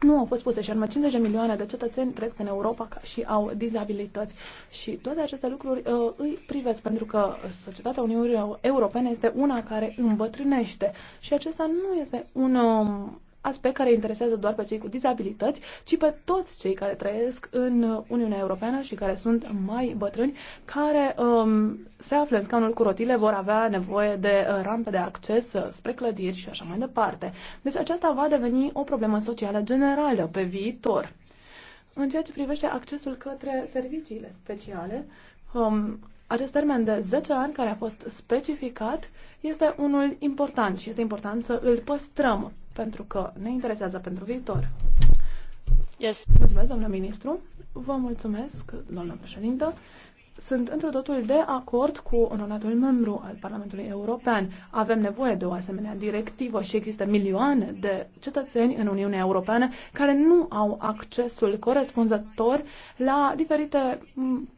nu au fost puse și anume 50 de milioane de cetățeni trăiesc în Europa și au dizabilități și toate aceste lucruri uh, îi privesc pentru că societatea Uniunii Europene este una care îmbătrânește și acesta nu este un um, aspect care interesează doar pe cei cu dizabilități, ci pe toți cei care trăiesc în Uniunea Europeană și care sunt mai bătrâni, care um, se află în scaunul cu rotile, vor avea nevoie de uh, rampe de acces uh, spre clădiri și așa mai departe. Deci aceasta va deveni o problemă socială generală pe viitor. În ceea ce privește accesul către serviciile speciale, um, acest termen de 10 ani care a fost specificat este unul important și este important să îl păstrăm pentru că ne interesează pentru viitor. Yes. Mulțumesc, doamna ministru. Vă mulțumesc, doamna președintă sunt într totul de acord cu onoratul membru al Parlamentului European. Avem nevoie de o asemenea directivă și există milioane de cetățeni în Uniunea Europeană care nu au accesul corespunzător la diferite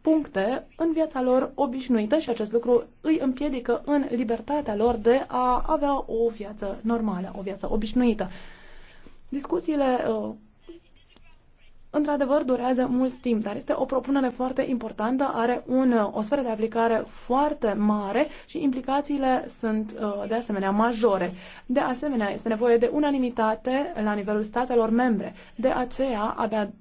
puncte în viața lor obișnuită și acest lucru îi împiedică în libertatea lor de a avea o viață normală, o viață obișnuită. Discuțiile uh, într-adevăr, durează mult timp, dar este o propunere foarte importantă, are un, o sferă de aplicare foarte mare și implicațiile sunt uh, de asemenea majore. De asemenea, este nevoie de unanimitate la nivelul statelor membre. De aceea, abia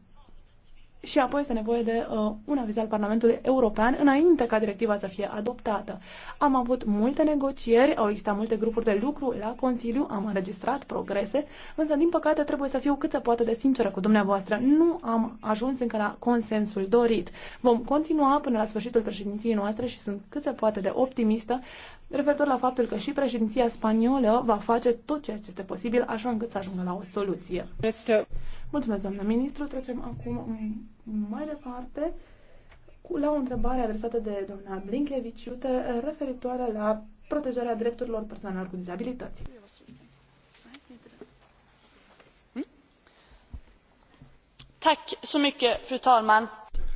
și apoi este nevoie de uh, un aviz al Parlamentului European înainte ca directiva să fie adoptată. Am avut multe negocieri, au existat multe grupuri de lucru la Consiliu, am înregistrat progrese, însă din păcate trebuie să fiu cât se poate de sinceră cu dumneavoastră. Nu am ajuns încă la consensul dorit. Vom continua până la sfârșitul președinției noastre și sunt cât se poate de optimistă referitor la faptul că și președinția spaniolă va face tot ceea ce este posibil așa încât să ajungă la o soluție. Este... Mulțumesc, doamnă ministru. Trecem acum mai departe cu, la o întrebare adresată de doamna Blinkeviciute referitoare la protejarea drepturilor persoanelor cu dizabilități.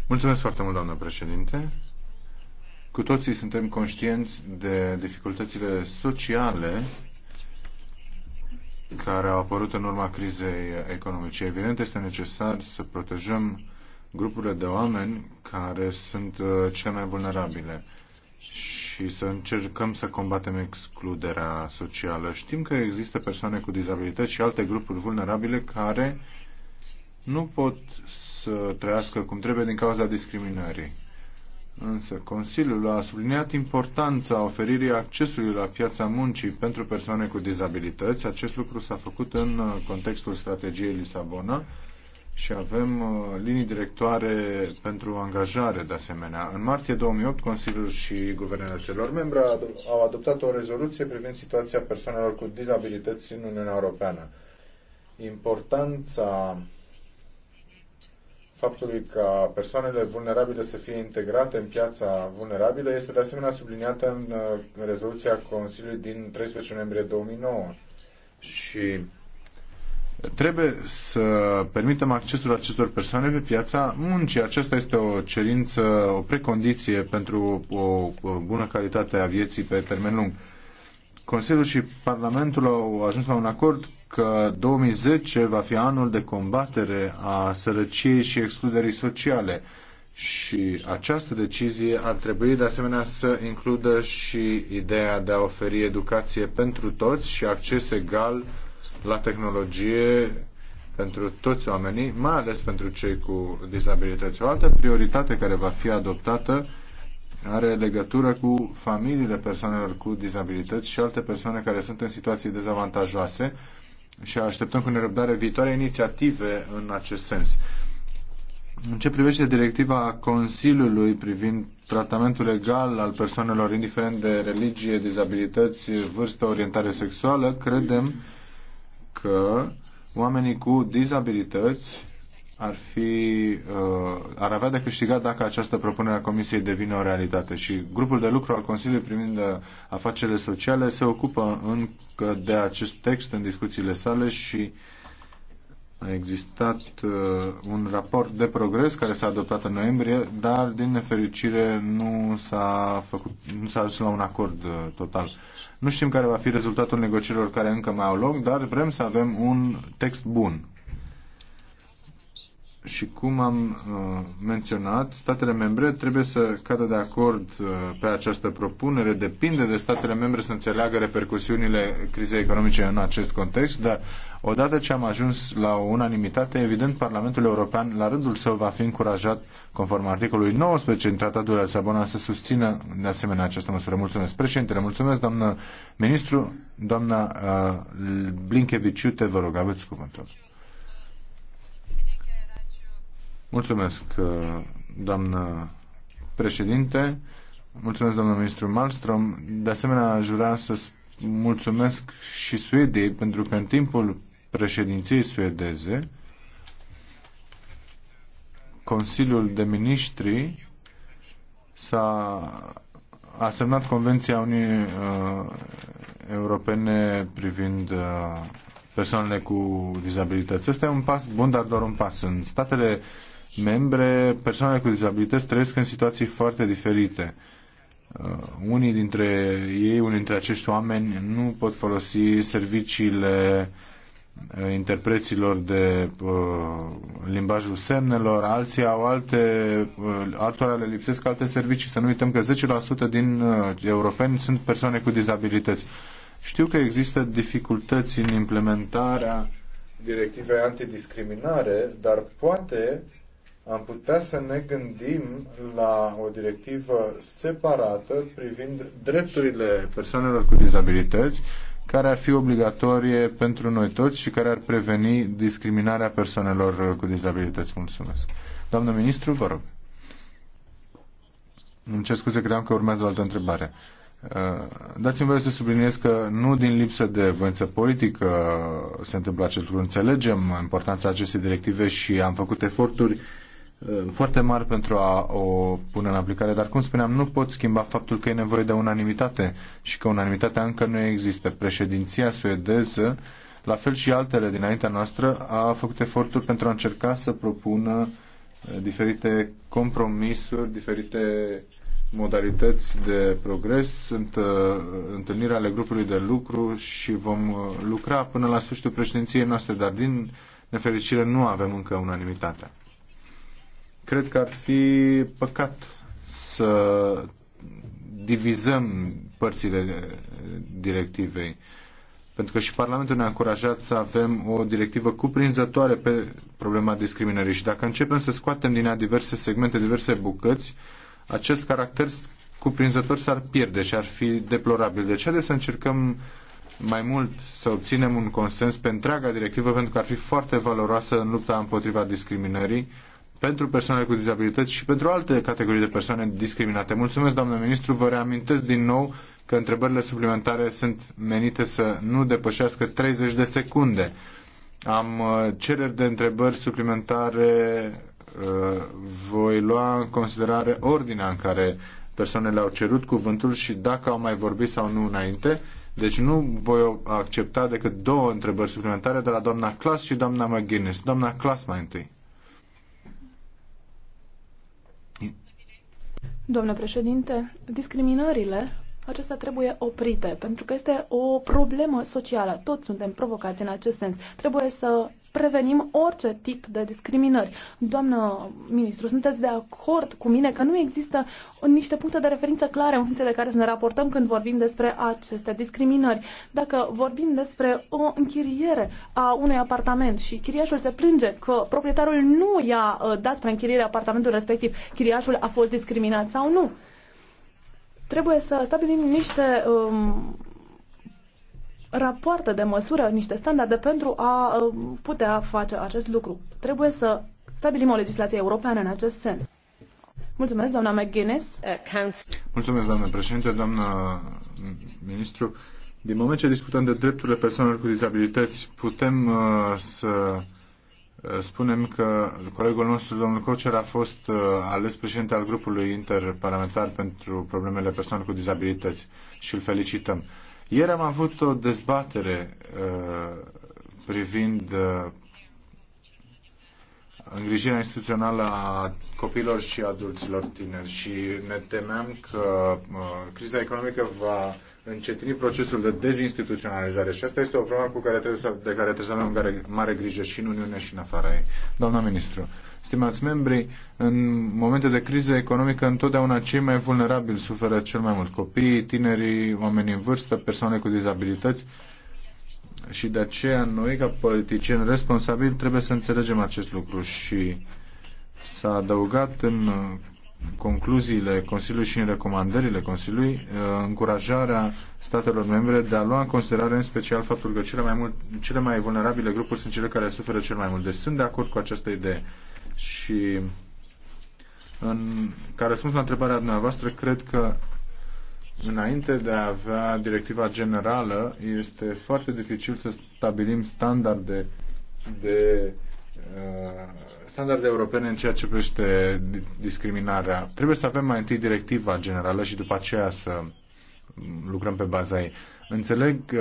Mulțumesc foarte mult, doamnă președinte. Cu toții suntem conștienți de dificultățile sociale care au apărut în urma crizei economice. Evident, este necesar să protejăm grupurile de oameni care sunt uh, cele mai vulnerabile și să încercăm să combatem excluderea socială. Știm că există persoane cu dizabilități și alte grupuri vulnerabile care nu pot să trăiască cum trebuie din cauza discriminării. Însă Consiliul a subliniat importanța oferirii accesului la piața muncii pentru persoane cu dizabilități. Acest lucru s-a făcut în uh, contextul strategiei Lisabona și avem uh, linii directoare pentru angajare de asemenea. În martie 2008, Consiliul și guvernele celor membre au adoptat o rezoluție privind situația persoanelor cu dizabilități în Uniunea Europeană. Importanța faptului ca persoanele vulnerabile să fie integrate în piața vulnerabilă este de asemenea subliniată în uh, rezoluția Consiliului din 13 noiembrie 2009. Și trebuie să permitem accesul acestor persoane pe piața muncii. Aceasta este o cerință, o precondiție pentru o bună calitate a vieții pe termen lung. Consiliul și Parlamentul au ajuns la un acord că 2010 va fi anul de combatere a sărăciei și excluderii sociale și această decizie ar trebui de asemenea să includă și ideea de a oferi educație pentru toți și acces egal la tehnologie pentru toți oamenii, mai ales pentru cei cu dizabilități. O altă prioritate care va fi adoptată are legătură cu familiile persoanelor cu dizabilități și alte persoane care sunt în situații dezavantajoase și așteptăm cu nerăbdare viitoare inițiative în acest sens. În ce privește directiva Consiliului privind tratamentul legal al persoanelor, indiferent de religie, dizabilități, vârstă, orientare sexuală, credem că oamenii cu dizabilități ar, fi, uh, ar avea de câștigat dacă această propunere a Comisiei devine o realitate. Și grupul de lucru al Consiliului privind afacerile sociale se ocupă încă de acest text în discuțiile sale și a existat uh, un raport de progres care s-a adoptat în noiembrie, dar din nefericire nu s-a, făcut, nu s-a ajuns la un acord uh, total. Nu știm care va fi rezultatul negocierilor care încă mai au loc, dar vrem să avem un text bun și cum am uh, menționat, statele membre trebuie să cadă de acord uh, pe această propunere. Depinde de statele membre să înțeleagă repercusiunile crizei economice în acest context, dar odată ce am ajuns la o unanimitate, evident Parlamentul European la rândul său va fi încurajat, conform articolului 19 în Tratatul de Sabona, să susțină de asemenea această măsură. Mulțumesc, președintele. Mulțumesc, doamnă ministru. Doamna uh, Blinkeviciute, vă rog, aveți cuvântul. Mulțumesc, uh, doamnă președinte. Mulțumesc, domnul ministru Malmström. De asemenea, aș vrea să mulțumesc și Suediei, pentru că în timpul președinției suedeze, Consiliul de Ministri s-a a semnat Convenția Unii uh, Europene privind uh, persoanele cu dizabilități. Este un pas bun, dar doar un pas. În statele membre, persoanele cu dizabilități trăiesc în situații foarte diferite. Uh, unii dintre ei, unii dintre acești oameni nu pot folosi serviciile uh, interpreților de uh, limbajul semnelor, alții au alte, uh, altora le lipsesc alte servicii. Să nu uităm că 10% din uh, europeni sunt persoane cu dizabilități. Știu că există dificultăți în implementarea directivei antidiscriminare, dar poate am putea să ne gândim la o directivă separată privind drepturile persoanelor cu dizabilități, care ar fi obligatorie pentru noi toți și care ar preveni discriminarea persoanelor cu dizabilități. Mulțumesc. Doamnă ministru, vă rog. Îmi cer scuze, credeam că urmează o altă întrebare. Uh, dați-mi voie să subliniez că nu din lipsă de voință politică se întâmplă acest lucru. Înțelegem importanța acestei directive și am făcut eforturi Uh, foarte mari pentru a o pune în aplicare, dar cum spuneam, nu pot schimba faptul că e nevoie de unanimitate și că unanimitatea încă nu există. Președinția suedeză, la fel și altele dinaintea noastră, a făcut eforturi pentru a încerca să propună uh, diferite compromisuri, diferite modalități de progres. Sunt uh, ale grupului de lucru și vom uh, lucra până la sfârșitul președinției noastre, dar din nefericire nu avem încă unanimitatea. Cred că ar fi păcat să divizăm părțile directivei, pentru că și Parlamentul ne-a încurajat să avem o directivă cuprinzătoare pe problema discriminării și dacă începem să scoatem din ea diverse segmente, diverse bucăți, acest caracter cuprinzător s-ar pierde și ar fi deplorabil. Deci haideți să încercăm mai mult să obținem un consens pe întreaga directivă pentru că ar fi foarte valoroasă în lupta împotriva discriminării pentru persoanele cu dizabilități și pentru alte categorii de persoane discriminate. Mulțumesc, doamnă ministru, vă reamintesc din nou că întrebările suplimentare sunt menite să nu depășească 30 de secunde. Am uh, cereri de întrebări suplimentare, uh, voi lua în considerare ordinea în care persoanele au cerut cuvântul și dacă au mai vorbit sau nu înainte. Deci nu voi accepta decât două întrebări suplimentare de la doamna Clas și doamna McGuinness. Doamna Clas mai întâi. Domnule președinte, discriminările acestea trebuie oprite, pentru că este o problemă socială. Toți suntem provocați în acest sens. Trebuie să prevenim orice tip de discriminări. Doamnă ministru, sunteți de acord cu mine că nu există niște puncte de referință clare în funcție de care să ne raportăm când vorbim despre aceste discriminări. Dacă vorbim despre o închiriere a unui apartament și chiriașul se plânge că proprietarul nu i-a uh, dat spre închiriere apartamentul respectiv, chiriașul a fost discriminat sau nu trebuie să stabilim niște um, rapoarte de măsură, niște standarde pentru a uh, putea face acest lucru. Trebuie să stabilim o legislație europeană în acest sens. Mulțumesc, doamna McGuinness. Uh, Mulțumesc, doamna președinte, doamna ministru. Din moment ce discutăm de drepturile persoanelor cu dizabilități, putem uh, să uh, spunem că colegul nostru, domnul Cocer, a fost uh, ales președinte al grupului interparlamentar pentru problemele persoanelor cu dizabilități și îl felicităm. Uh, ieri am avut o dezbatere uh, privind uh, îngrijirea instituțională a copiilor și adulților tineri și ne temeam că uh, criza economică va încetini procesul de dezinstituționalizare și asta este o problemă cu care trebuie să, de care trebuie să avem mare, mare grijă și în Uniune și în afara ei. Doamna ministru, Stimați membri, în momente de criză economică, întotdeauna cei mai vulnerabili suferă cel mai mult. Copiii, tinerii, oamenii în vârstă, persoane cu dizabilități. Și de aceea noi, ca politicieni responsabili, trebuie să înțelegem acest lucru și s-a adăugat în concluziile Consiliului și în recomandările Consiliului uh, încurajarea statelor membre de a lua în considerare în special faptul că cele mai, mult, cele mai vulnerabile grupuri sunt cele care suferă cel mai mult. Deci sunt de acord cu această idee. Și în, ca răspuns la întrebarea dumneavoastră, cred că înainte de a avea directiva generală, este foarte dificil să stabilim standarde de uh, standarde europene în ceea ce privește discriminarea. Trebuie să avem mai întâi directiva generală și după aceea să lucrăm pe baza ei. Înțeleg uh,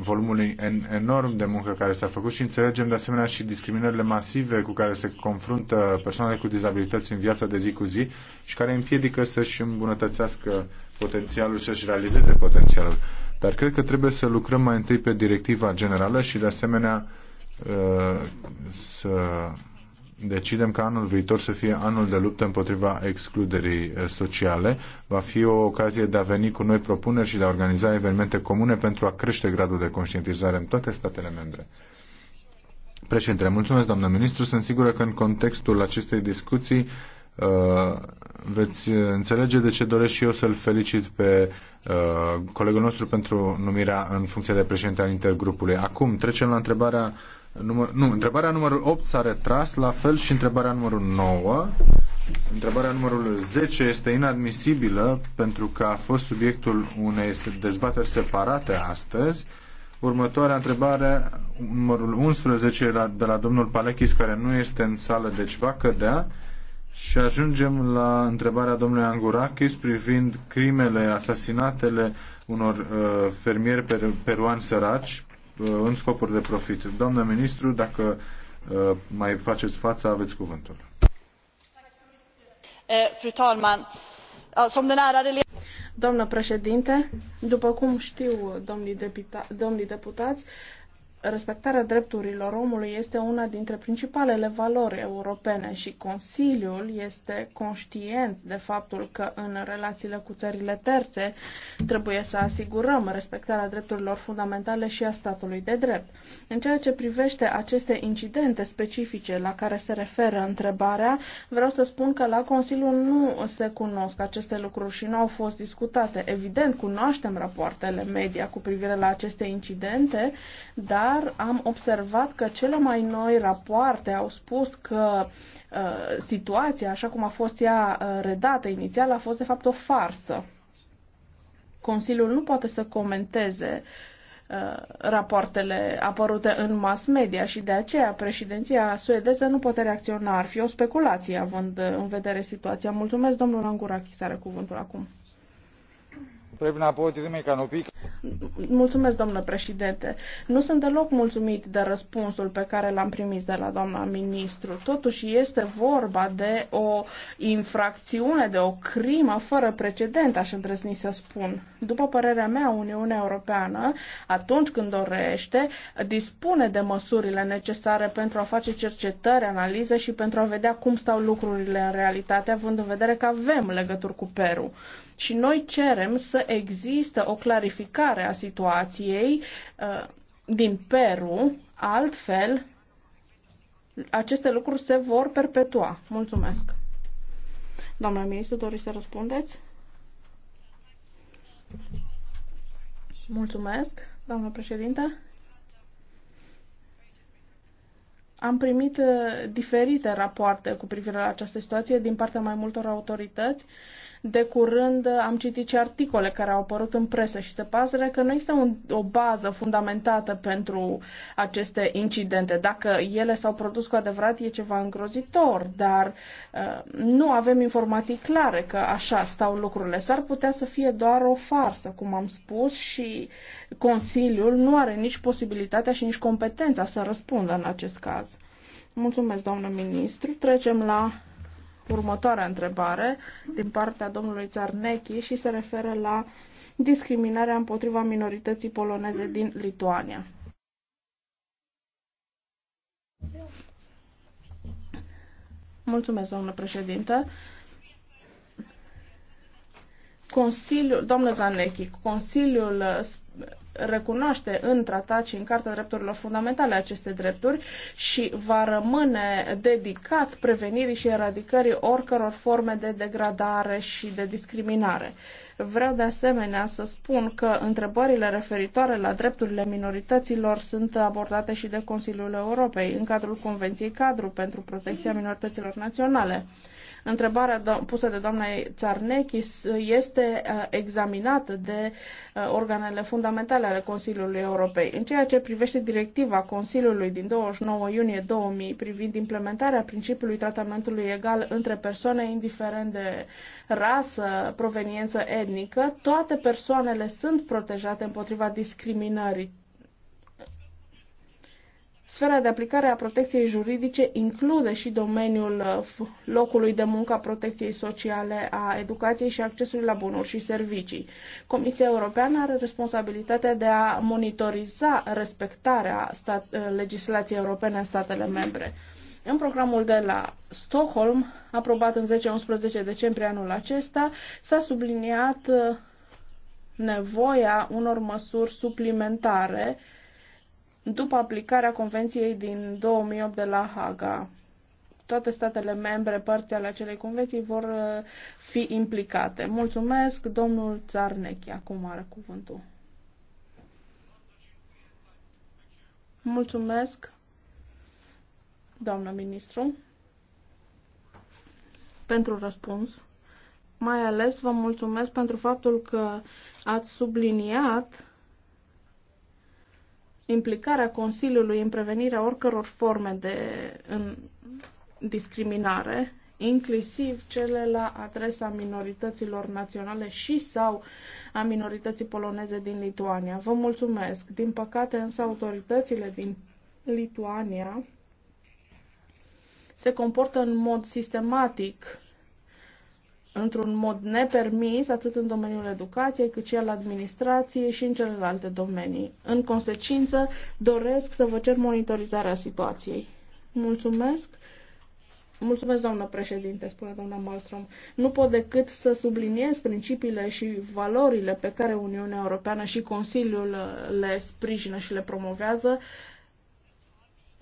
volumul enorm de muncă care s-a făcut și înțelegem de asemenea și discriminările masive cu care se confruntă persoanele cu dizabilități în viața de zi cu zi și care împiedică să-și îmbunătățească potențialul, să-și realizeze potențialul. Dar cred că trebuie să lucrăm mai întâi pe directiva generală și de asemenea uh, să decidem că anul viitor să fie anul de luptă împotriva excluderii eh, sociale. Va fi o ocazie de a veni cu noi propuneri și de a organiza evenimente comune pentru a crește gradul de conștientizare în toate statele membre. Președinte, mulțumesc, doamnă ministru. Sunt sigură că în contextul acestei discuții Uh, veți înțelege de ce doresc și eu să-l felicit pe uh, colegul nostru pentru numirea în funcție de președinte al intergrupului. Acum trecem la întrebarea număr, nu, întrebarea numărul 8 s-a retras, la fel și întrebarea numărul 9. Întrebarea numărul 10 este inadmisibilă pentru că a fost subiectul unei dezbateri separate astăzi. Următoarea întrebare, numărul 11, de la domnul Palechis, care nu este în sală, deci va cădea. Și ajungem la întrebarea domnului Angurakis privind crimele, asasinatele unor uh, fermieri per- peruani săraci uh, în scopuri de profit. Doamnă ministru, dacă uh, mai faceți față, aveți cuvântul. Eh, fru Doamnă președinte, după cum știu domnii, deputa- domnii deputați, respectarea drepturilor omului este una dintre principalele valori europene și Consiliul este conștient de faptul că în relațiile cu țările terțe trebuie să asigurăm respectarea drepturilor fundamentale și a statului de drept. În ceea ce privește aceste incidente specifice la care se referă întrebarea, vreau să spun că la Consiliu nu se cunosc aceste lucruri și nu au fost discutate. Evident, cunoaștem rapoartele media cu privire la aceste incidente, dar dar am observat că cele mai noi rapoarte au spus că uh, situația, așa cum a fost ea uh, redată inițial, a fost de fapt o farsă. Consiliul nu poate să comenteze uh, rapoartele apărute în mass media și de aceea președinția suedeză nu poate reacționa. Ar fi o speculație având uh, în vedere situația. Mulțumesc, domnul Angurachis, are cuvântul acum. Mulțumesc, domnule președinte. Nu sunt deloc mulțumit de răspunsul pe care l-am primit de la doamna ministru. Totuși este vorba de o infracțiune, de o crimă fără precedent, aș îndrăzni să spun. După părerea mea, Uniunea Europeană, atunci când dorește, dispune de măsurile necesare pentru a face cercetări, analize și pentru a vedea cum stau lucrurile în realitate, având în vedere că avem legături cu Peru și noi cerem să există o clarificare a situației uh, din Peru, altfel aceste lucruri se vor perpetua. Mulțumesc. Doamna ministru, doriți să răspundeți? Mulțumesc, doamna președinte. Am primit uh, diferite rapoarte cu privire la această situație din partea mai multor autorități de curând am citit și articole care au apărut în presă și se pare că nu este un, o bază fundamentată pentru aceste incidente. Dacă ele s-au produs cu adevărat, e ceva îngrozitor, dar uh, nu avem informații clare că așa stau lucrurile. S-ar putea să fie doar o farsă, cum am spus, și Consiliul nu are nici posibilitatea și nici competența să răspundă în acest caz. Mulțumesc, doamnă ministru. Trecem la următoarea întrebare din partea domnului Țarnechi și se referă la discriminarea împotriva minorității poloneze din Lituania. Mulțumesc, domnule președinte. Consiliul, domnule Zanechi, Consiliul recunoaște în tratat și în Carta Drepturilor Fundamentale aceste drepturi și va rămâne dedicat prevenirii și eradicării oricăror forme de degradare și de discriminare. Vreau de asemenea să spun că întrebările referitoare la drepturile minorităților sunt abordate și de Consiliul Europei în cadrul Convenției Cadru pentru protecția minorităților naționale. Întrebarea pusă de doamna Țarnechis este uh, examinată de uh, organele fundamentale ale Consiliului Europei. În ceea ce privește directiva Consiliului din 29 iunie 2000 privind implementarea principiului tratamentului egal între persoane indiferent de rasă, proveniență etnică, toate persoanele sunt protejate împotriva discriminării Sfera de aplicare a protecției juridice include și domeniul uh, locului de muncă, a protecției sociale, a educației și accesului la bunuri și servicii. Comisia Europeană are responsabilitatea de a monitoriza respectarea stat, uh, legislației europene în statele membre. În programul de la Stockholm, aprobat în 10-11 decembrie anul acesta, s-a subliniat uh, nevoia unor măsuri suplimentare uh, după aplicarea Convenției din 2008 de la Haga. Toate statele membre, părți ale acelei convenții, vor uh, fi implicate. Mulțumesc, domnul Țarnechi, acum are cuvântul. Mulțumesc, doamnă ministru, pentru răspuns. Mai ales vă mulțumesc pentru faptul că ați subliniat implicarea Consiliului în prevenirea oricăror forme de în discriminare, inclusiv cele la adresa minorităților naționale și sau a minorității poloneze din Lituania. Vă mulțumesc. Din păcate, însă, autoritățile din Lituania se comportă în mod sistematic într-un mod nepermis, atât în domeniul educației, cât și al administrației și în celelalte domenii. În consecință, doresc să vă cer monitorizarea situației. Mulțumesc! Mulțumesc, doamnă președinte, spune doamna Malmström. Nu pot decât să subliniez principiile și valorile pe care Uniunea Europeană și Consiliul le sprijină și le promovează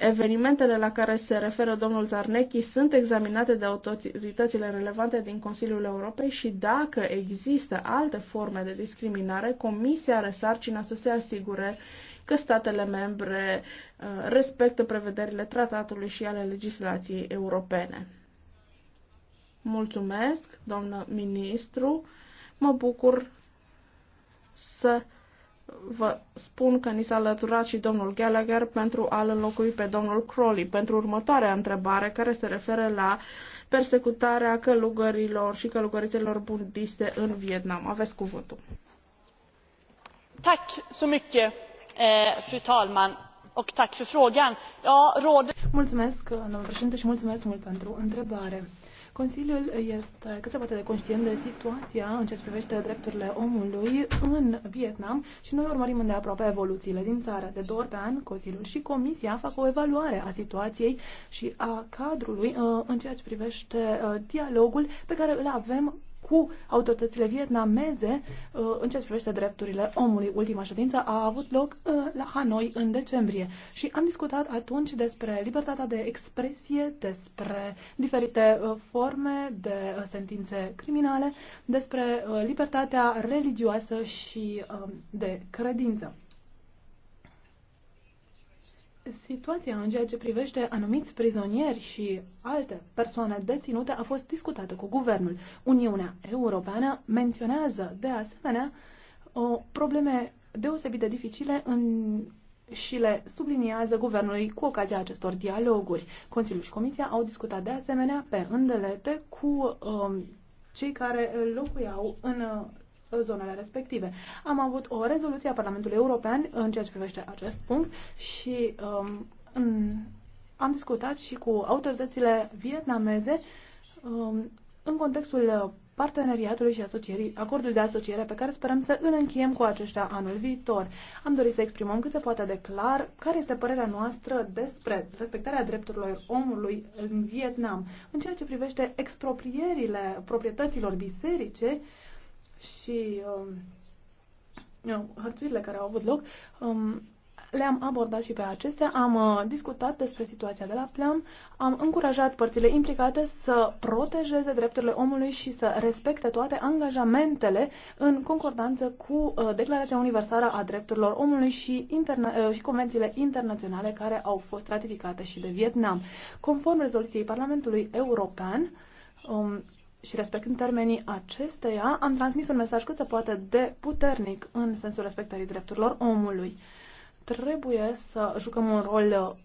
Evenimentele la care se referă domnul Zarnechi sunt examinate de autoritățile relevante din Consiliul Europei și dacă există alte forme de discriminare, Comisia are sarcina să se asigure că statele membre uh, respectă prevederile tratatului și ale legislației europene. Mulțumesc, doamnă ministru. Mă bucur să Vă spun că ni s-a alăturat și domnul Gallagher pentru a-l înlocui pe domnul Crowley pentru următoarea întrebare care se referă la persecutarea călugărilor și călugărițelor bundiste în Vietnam. Aveți cuvântul. Tack so mycket, eh, fru talman, och tack för frågan. Ja, råd... Mulțumesc, domnul președinte, și mulțumesc mult pentru întrebare Consiliul este cât se poate de conștient de situația în ce privește drepturile omului în Vietnam și noi urmărim îndeaproape evoluțiile din țară. De două ori pe an, Consiliul și Comisia fac o evaluare a situației și a cadrului uh, în ceea ce privește uh, dialogul pe care îl avem cu autoritățile vietnameze uh, în ce privește drepturile omului. Ultima ședință a avut loc uh, la Hanoi în decembrie și am discutat atunci despre libertatea de expresie, despre diferite uh, forme de sentințe criminale, despre libertatea religioasă și um, de credință. Situația în ceea ce privește anumiți prizonieri și alte persoane deținute a fost discutată cu guvernul. Uniunea Europeană menționează, de asemenea, o probleme deosebit de dificile în și le subliniază guvernului cu ocazia acestor dialoguri. Consiliul și Comisia au discutat de asemenea pe îndelete cu um, cei care locuiau în zonele respective. Am avut o rezoluție a Parlamentului European în ceea ce privește acest punct și um, în, am discutat și cu autoritățile vietnameze um, în contextul parteneriatului și asocierii, acordul de asociere pe care sperăm să îl încheiem cu aceștia anul viitor. Am dorit să exprimăm cât se poate de clar care este părerea noastră despre respectarea drepturilor omului în Vietnam. În ceea ce privește exproprierile proprietăților biserice, uh, și uh, um, hărțurile care au avut loc, um, le-am abordat și pe acestea, am uh, discutat despre situația de la Pleam, am încurajat părțile implicate să protejeze drepturile omului și să respecte toate angajamentele în concordanță cu uh, Declarația Universală a Drepturilor Omului și, interna- uh, și convențiile internaționale care au fost ratificate și de Vietnam. Conform rezoluției Parlamentului European, um, și respectând termenii acesteia, am transmis un mesaj cât se poate de puternic în sensul respectării drepturilor omului. Trebuie să jucăm un rol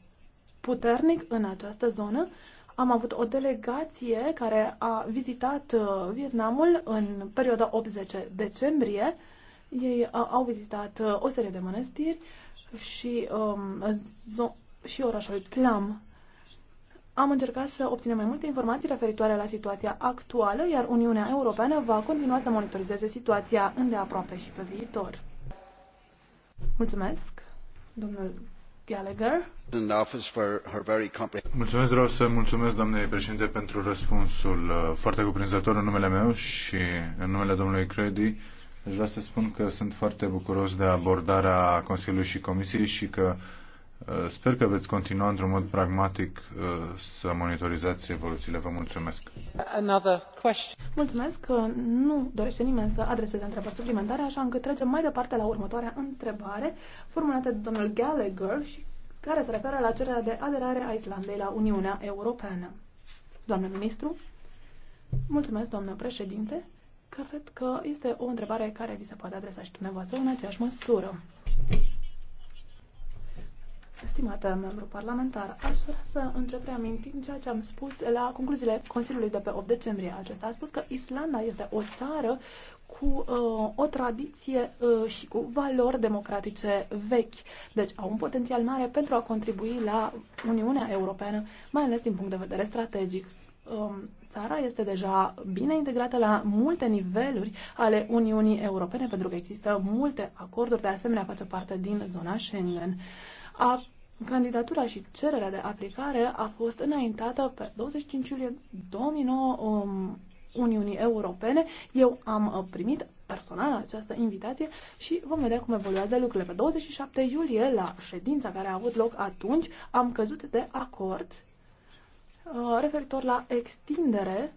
puternic în această zonă. Am avut o delegație care a vizitat uh, Vietnamul în perioada 80 decembrie. Ei uh, au vizitat uh, o serie de mănăstiri și, um, și orașul Plam am încercat să obținem mai multe informații referitoare la situația actuală, iar Uniunea Europeană va continua să monitorizeze situația îndeaproape și pe viitor. Mulțumesc, domnul Gallagher. Mulțumesc, vreau să mulțumesc doamnei președinte pentru răspunsul uh, foarte cuprinzător în numele meu și în numele domnului Credi. Aș vrea să spun că sunt foarte bucuros de abordarea Consiliului și Comisiei și că Uh, sper că veți continua într-un mod pragmatic uh, să monitorizați evoluțiile. Vă mulțumesc. Mulțumesc că uh, nu dorește nimeni să adreseze întrebări suplimentare, așa încât trecem mai departe la următoarea întrebare formulată de domnul Gallagher și care se referă la cererea de aderare a Islandei la Uniunea Europeană. Doamnă ministru, mulțumesc, doamnă președinte. Cred că este o întrebare care vi se poate adresa și dumneavoastră în aceeași măsură. Stimată membru parlamentar, aș vrea să încep reamintind ceea ce am spus la concluziile Consiliului de pe 8 decembrie acesta. A spus că Islanda este o țară cu uh, o tradiție uh, și cu valori democratice vechi. Deci au un potențial mare pentru a contribui la Uniunea Europeană, mai ales din punct de vedere strategic. Um, țara este deja bine integrată la multe niveluri ale Uniunii Europene, pentru că există multe acorduri, de asemenea face parte din zona Schengen. Uh, a, candidatura și cererea de aplicare a fost înaintată pe 25 iulie 2009 um, Uniunii Europene. Eu am uh, primit personal această invitație și vom vedea cum evoluează lucrurile. Pe 27 iulie, la ședința care a avut loc atunci, am căzut de acord uh, referitor la extindere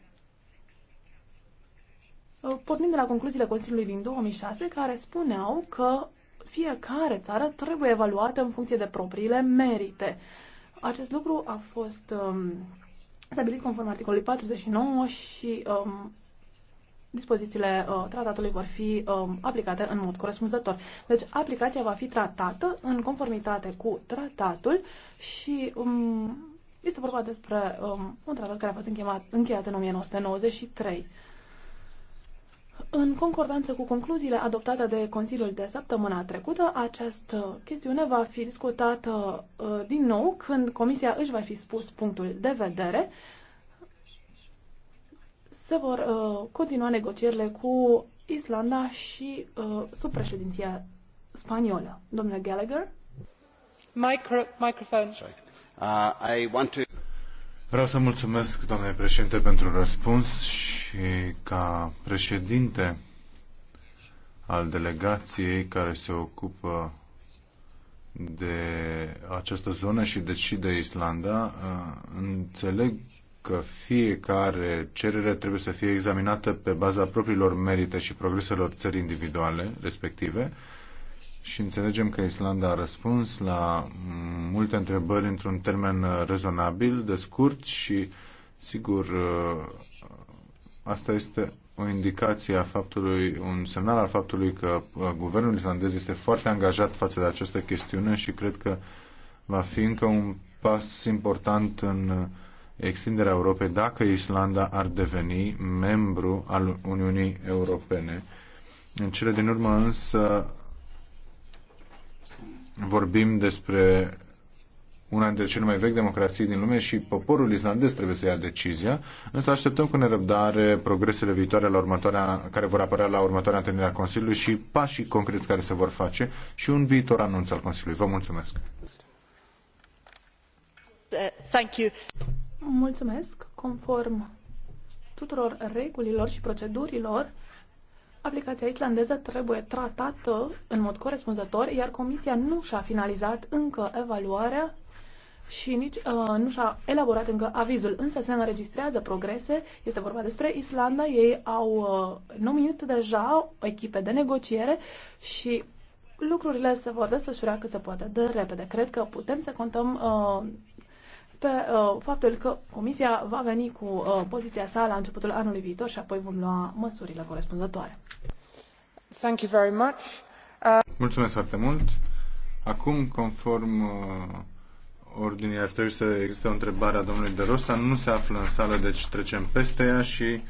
uh, pornind de la concluziile Consiliului din 2006, care spuneau că fiecare țară trebuie evaluată în funcție de propriile merite. Acest lucru a fost um, stabilit conform articolului 49 și um, dispozițiile uh, tratatului vor fi um, aplicate în mod corespunzător. Deci aplicația va fi tratată în conformitate cu tratatul și um, este vorba despre um, un tratat care a fost încheiat, încheiat în 1993. În concordanță cu concluziile adoptate de Consiliul de săptămâna trecută, această chestiune va fi discutată uh, din nou când Comisia își va fi spus punctul de vedere. Se vor uh, continua negocierile cu Islanda și uh, sub președinția spaniolă. Domnule Gallagher? Micro, microphone. Sorry. Uh, I want to... Vreau să mulțumesc, doamne președinte, pentru răspuns și ca președinte al delegației care se ocupă de această zonă și de deci și de Islanda, uh, înțeleg că fiecare cerere trebuie să fie examinată pe baza propriilor merite și progreselor țării individuale respective, și înțelegem că Islanda a răspuns la multe întrebări într-un termen uh, rezonabil, de scurt și, sigur, uh, asta este o indicație a faptului, un semnal al faptului că uh, guvernul islandez este foarte angajat față de această chestiune și cred că va fi încă un pas important în extinderea Europei dacă Islanda ar deveni membru al Uniunii Europene. În cele din urmă însă vorbim despre una dintre cele mai vechi democrații din lume și poporul islandez trebuie să ia decizia, însă așteptăm cu nerăbdare progresele viitoare la următoarea, care vor apărea la următoarea întâlnire a Consiliului și pașii concreți care se vor face și un viitor anunț al Consiliului. Vă mulțumesc! Thank you. Mulțumesc! Conform tuturor regulilor și procedurilor, aplicația islandeză trebuie tratată în mod corespunzător, iar Comisia nu și-a finalizat încă evaluarea și nici uh, nu și-a elaborat încă avizul, însă se înregistrează progrese. Este vorba despre Islanda, ei au uh, numit deja echipe de negociere și lucrurile se vor desfășura cât se poate de repede. Cred că putem să contăm uh, pe uh, faptul că Comisia va veni cu uh, poziția sa la începutul anului viitor și apoi vom lua măsurile corespunzătoare. Thank you very much. Uh... Mulțumesc foarte mult. Acum, conform uh, ordinii, ar trebui să existe o întrebare a domnului De Rosa. Nu se află în sală, deci trecem peste ea și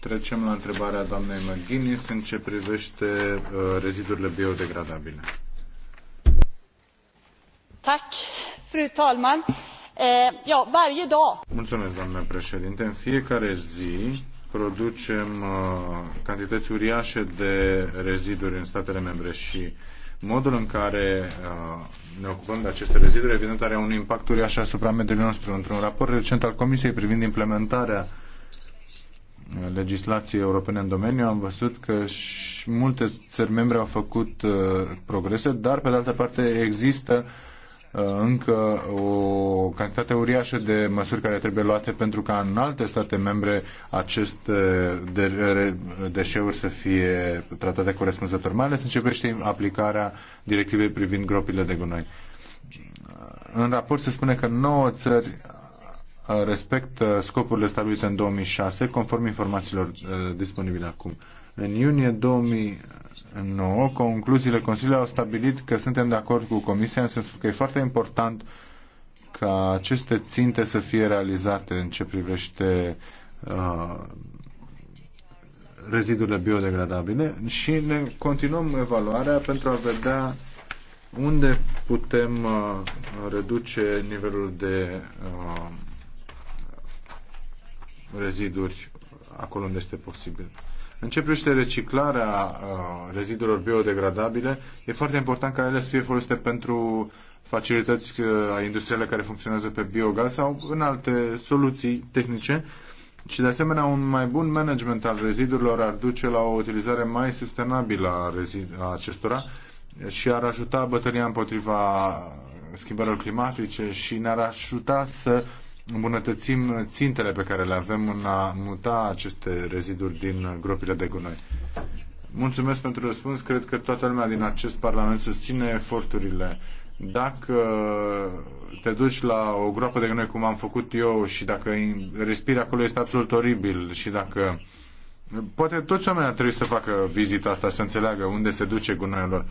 trecem la întrebarea doamnei McGuinness în ce privește uh, rezidurile biodegradabile. Tack, fru talman. Eh, ja, varje dag. Mulțumesc, doamnă președinte. În fiecare zi producem uh, cantități uriașe de reziduri în statele membre și modul în care uh, ne ocupăm de aceste reziduri, evident, are un impact uriaș asupra mediului nostru. Într-un raport recent al Comisiei privind implementarea legislației europene în domeniu, am văzut că și multe țări membre au făcut uh, progrese, dar, pe de altă parte, există Uh, încă o cantitate uriașă de măsuri care trebuie luate pentru ca în alte state membre aceste de deșeuri să fie tratate corespunzător, mai ales începește aplicarea directivei privind gropile de gunoi. Uh, în raport se spune că 9 țări Uh, respectă uh, scopurile stabilite în 2006, conform informațiilor uh, disponibile acum. În iunie 2009, concluziile Consiliului au stabilit că suntem de acord cu Comisia în sensul că e foarte important ca aceste ținte să fie realizate în ce privește uh, rezidurile biodegradabile și ne continuăm evaluarea pentru a vedea unde putem uh, reduce nivelul de uh, reziduri acolo unde este posibil. În ce privește reciclarea uh, rezidurilor biodegradabile, e foarte important ca ele să fie folosite pentru facilități uh, industriale care funcționează pe biogaz sau în alte soluții tehnice și de asemenea un mai bun management al rezidurilor ar duce la o utilizare mai sustenabilă a, a acestora și ar ajuta bătălia împotriva schimbărilor climatice și ne-ar ajuta să uh, îmbunătățim țintele pe care le avem în a muta aceste reziduri din gropile de gunoi. Mulțumesc pentru răspuns. Cred că toată lumea din acest Parlament susține eforturile. Dacă te duci la o groapă de gunoi cum am făcut eu și dacă respiri acolo este absolut oribil și dacă Poate toți oamenii ar trebui să facă vizita asta, să înțeleagă unde se duce gunoiul lor.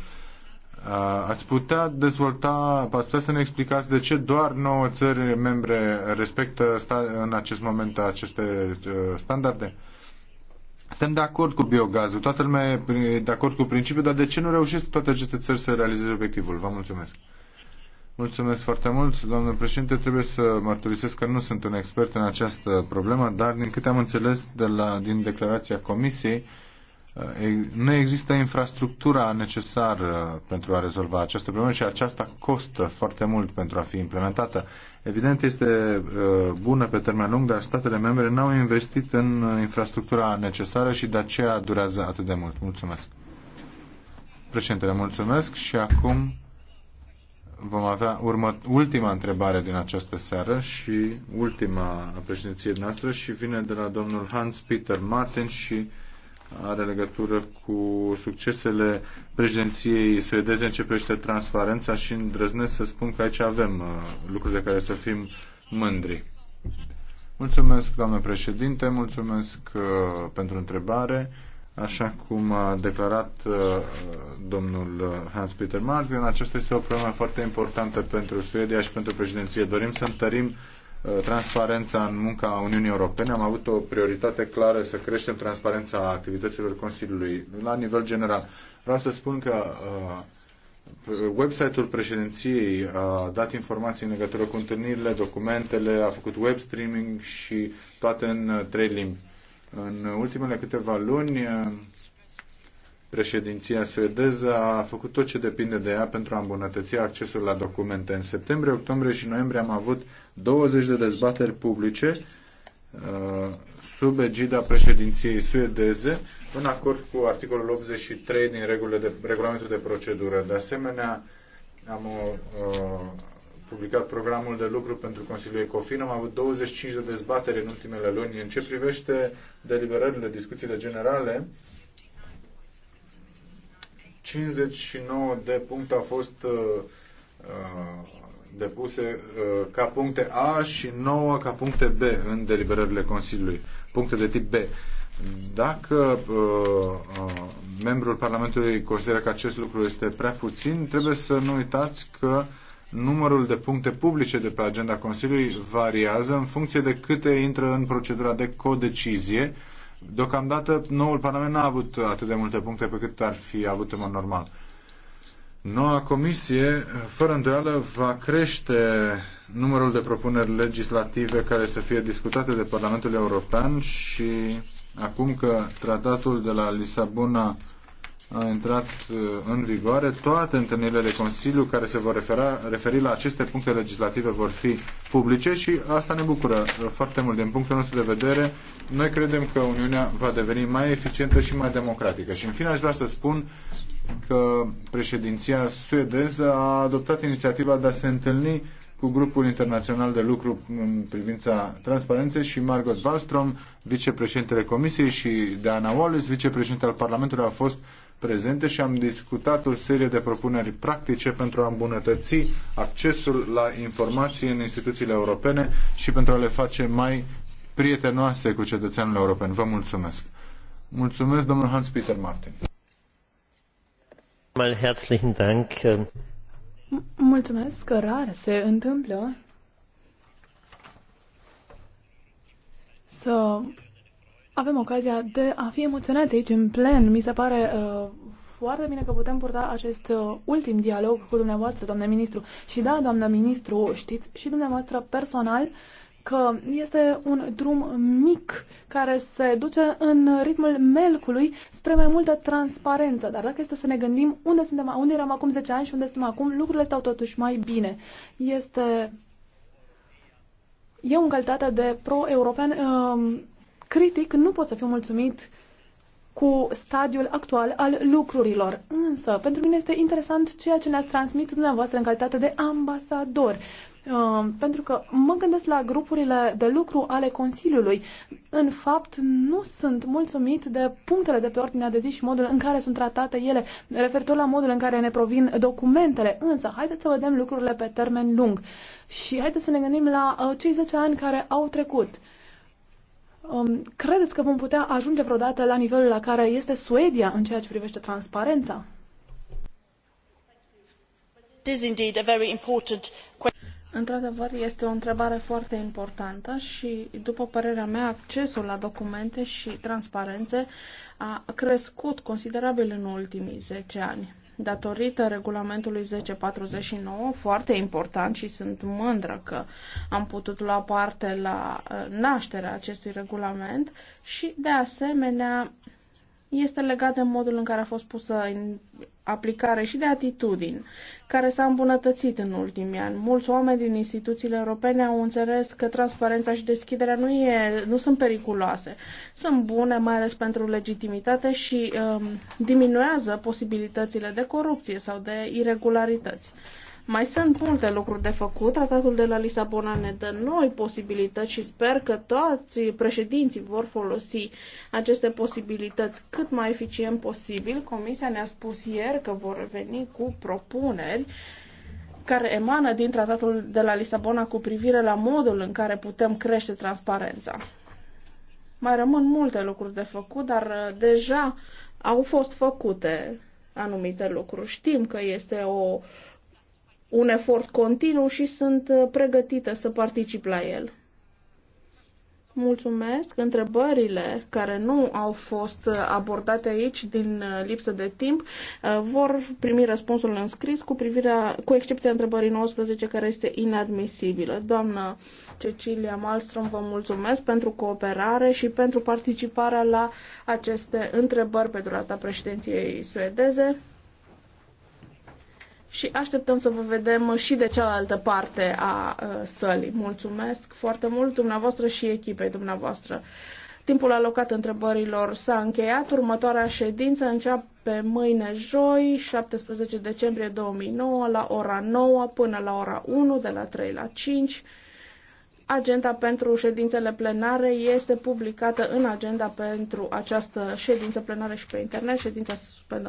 Uh, ați putea dezvolta, ați putea să ne explicați de ce doar 9 țări membre respectă în acest moment aceste uh, standarde? Suntem de acord cu biogazul, toată lumea e de acord cu principiul, dar de ce nu reușesc toate aceste țări să realizeze obiectivul? Vă mulțumesc. Mulțumesc foarte mult, domnule președinte. Trebuie să mărturisesc că nu sunt un expert în această problemă, dar din câte am înțeles de la, din declarația Comisiei, Uh, nu există infrastructura necesară pentru a rezolva această problemă și aceasta costă foarte mult pentru a fi implementată. Evident, este uh, bună pe termen lung, dar statele membre n-au investit în infrastructura necesară și de aceea durează atât de mult. Mulțumesc. Președintele, mulțumesc și acum vom avea urmă, ultima întrebare din această seară și ultima președinție noastră și vine de la domnul Hans-Peter Martin și are legătură cu succesele președinției suedeze în ce privește transparența și îndrăznesc să spun că aici avem uh, lucruri de care să fim mândri. Mulțumesc, doamnă președinte, mulțumesc uh, pentru întrebare. Așa cum a declarat uh, domnul Hans-Peter Martin, aceasta este o problemă foarte importantă pentru Suedia și pentru președinție. Dorim să întărim Uh, transparența în munca Uniunii Europene. Am avut o prioritate clară să creștem transparența activităților Consiliului la nivel general. Vreau să spun că uh, website-ul președinției a dat informații în legătură cu întâlnirile, documentele, a făcut web streaming și toate în uh, trei limbi. În ultimele câteva luni Președinția suedeză a făcut tot ce depinde de ea pentru a îmbunătăți accesul la documente. În septembrie, octombrie și noiembrie am avut 20 de dezbateri publice uh, sub egida președinției suedeze, în acord cu articolul 83 din regulile de, regulamentul de procedură. De asemenea, am uh, publicat programul de lucru pentru Consiliul Ecofin. Am avut 25 de dezbateri în ultimele luni în ce privește deliberările, discuțiile generale 59 de puncte au fost uh, uh, depuse uh, ca puncte A și 9 ca puncte B în deliberările Consiliului, puncte de tip B. Dacă uh, uh, membrul Parlamentului consideră că acest lucru este prea puțin, trebuie să nu uitați că numărul de puncte publice de pe agenda Consiliului variază în funcție de câte intră în procedura de codecizie uh, Deocamdată noul Parlament n-a avut atât de multe puncte pe cât ar fi avut în mod normal. Noua comisie, fără îndoială, va crește numărul de propuneri legislative care să fie discutate de Parlamentul European și acum că tratatul de la Lisabona a intrat uh, în vigoare. Toate întâlnirile de Consiliu care se vor refera, referi la aceste puncte legislative vor fi publice și asta ne bucură uh, foarte mult. Din punctul nostru de vedere, noi credem că Uniunea va deveni mai eficientă și mai democratică. Și în fine aș vrea să spun că președinția suedeză a adoptat inițiativa de a se întâlni cu grupul internațional de lucru în privința transparenței și Margot Wallström, vicepreședintele Comisiei și Diana Wallace, vicepreședinte al Parlamentului, a fost uh, prezente și am discutat o serie de propuneri practice pentru a îmbunătăți accesul la informații în instituțiile europene și pentru a le face mai prietenoase cu cetățeanul european. Vă mulțumesc. Mulțumesc, domnul Hans-Peter Martin. Mulțumesc că rar se întâmplă să avem ocazia de a fi emoționați aici în plen. Mi se pare uh, foarte bine că putem purta acest uh, ultim dialog cu dumneavoastră, doamnă ministru. Și da, doamnă ministru, știți și dumneavoastră personal că este un drum mic care se duce în ritmul melcului spre mai multă transparență. Dar dacă este să ne gândim unde, suntem, unde eram acum 10 ani și unde suntem acum, lucrurile stau totuși mai bine. Este eu, în calitate de pro-european, um, critic, nu pot să fiu mulțumit cu stadiul actual al lucrurilor. Însă, pentru mine este interesant ceea ce ne-ați transmis dumneavoastră în calitate de ambasador. Uh, pentru că mă gândesc la grupurile de lucru ale Consiliului. În fapt, nu sunt mulțumit de punctele de pe ordinea de zi și modul în care sunt tratate ele, referitor la modul în care ne provin documentele. Însă, haideți să vedem lucrurile pe termen lung și haideți să ne gândim la uh, cei 10 ani care au trecut. Uh, Um, credeți că vom putea ajunge vreodată la nivelul la care este Suedia în ceea ce privește transparența? Într-adevăr, este o întrebare foarte importantă și, după părerea mea, accesul la documente și transparențe a crescut considerabil în ultimii 10 ani datorită regulamentului 1049, foarte important și sunt mândră că am putut lua parte la uh, nașterea acestui regulament și, de asemenea, este legat de modul în care a fost pusă în aplicare și de atitudini, care s-a îmbunătățit în ultimii ani. Mulți oameni din instituțiile europene au înțeles că transparența și deschiderea nu, e, nu sunt periculoase. Sunt bune, mai ales pentru legitimitate și um, diminuează posibilitățile de corupție sau de irregularități. Mai sunt multe lucruri de făcut. Tratatul de la Lisabona ne dă noi posibilități și sper că toți președinții vor folosi aceste posibilități cât mai eficient posibil. Comisia ne-a spus ieri că vor veni cu propuneri care emană din tratatul de la Lisabona cu privire la modul în care putem crește transparența. Mai rămân multe lucruri de făcut, dar uh, deja au fost făcute anumite lucruri. Știm că este o uh, un efort continuu și sunt uh, pregătită să particip la el. Mulțumesc. Întrebările care nu au fost uh, abordate aici din uh, lipsă de timp vor primi răspunsul în scris cu, privirea, cu excepția întrebării 19 care este inadmisibilă. Doamna Cecilia Malmström, vă mulțumesc pentru cooperare și pentru participarea la aceste întrebări pe durata președinției suedeze și așteptăm să vă vedem și de cealaltă parte a uh, sălii. Mulțumesc foarte mult dumneavoastră și echipei dumneavoastră. Timpul alocat întrebărilor s-a încheiat. Următoarea ședință începe mâine joi, 17 decembrie 2009, la ora 9 până la ora 1, de la 3 la 5. Agenda pentru ședințele plenare este publicată în agenda pentru această ședință plenară și pe internet. Ședința se suspendă.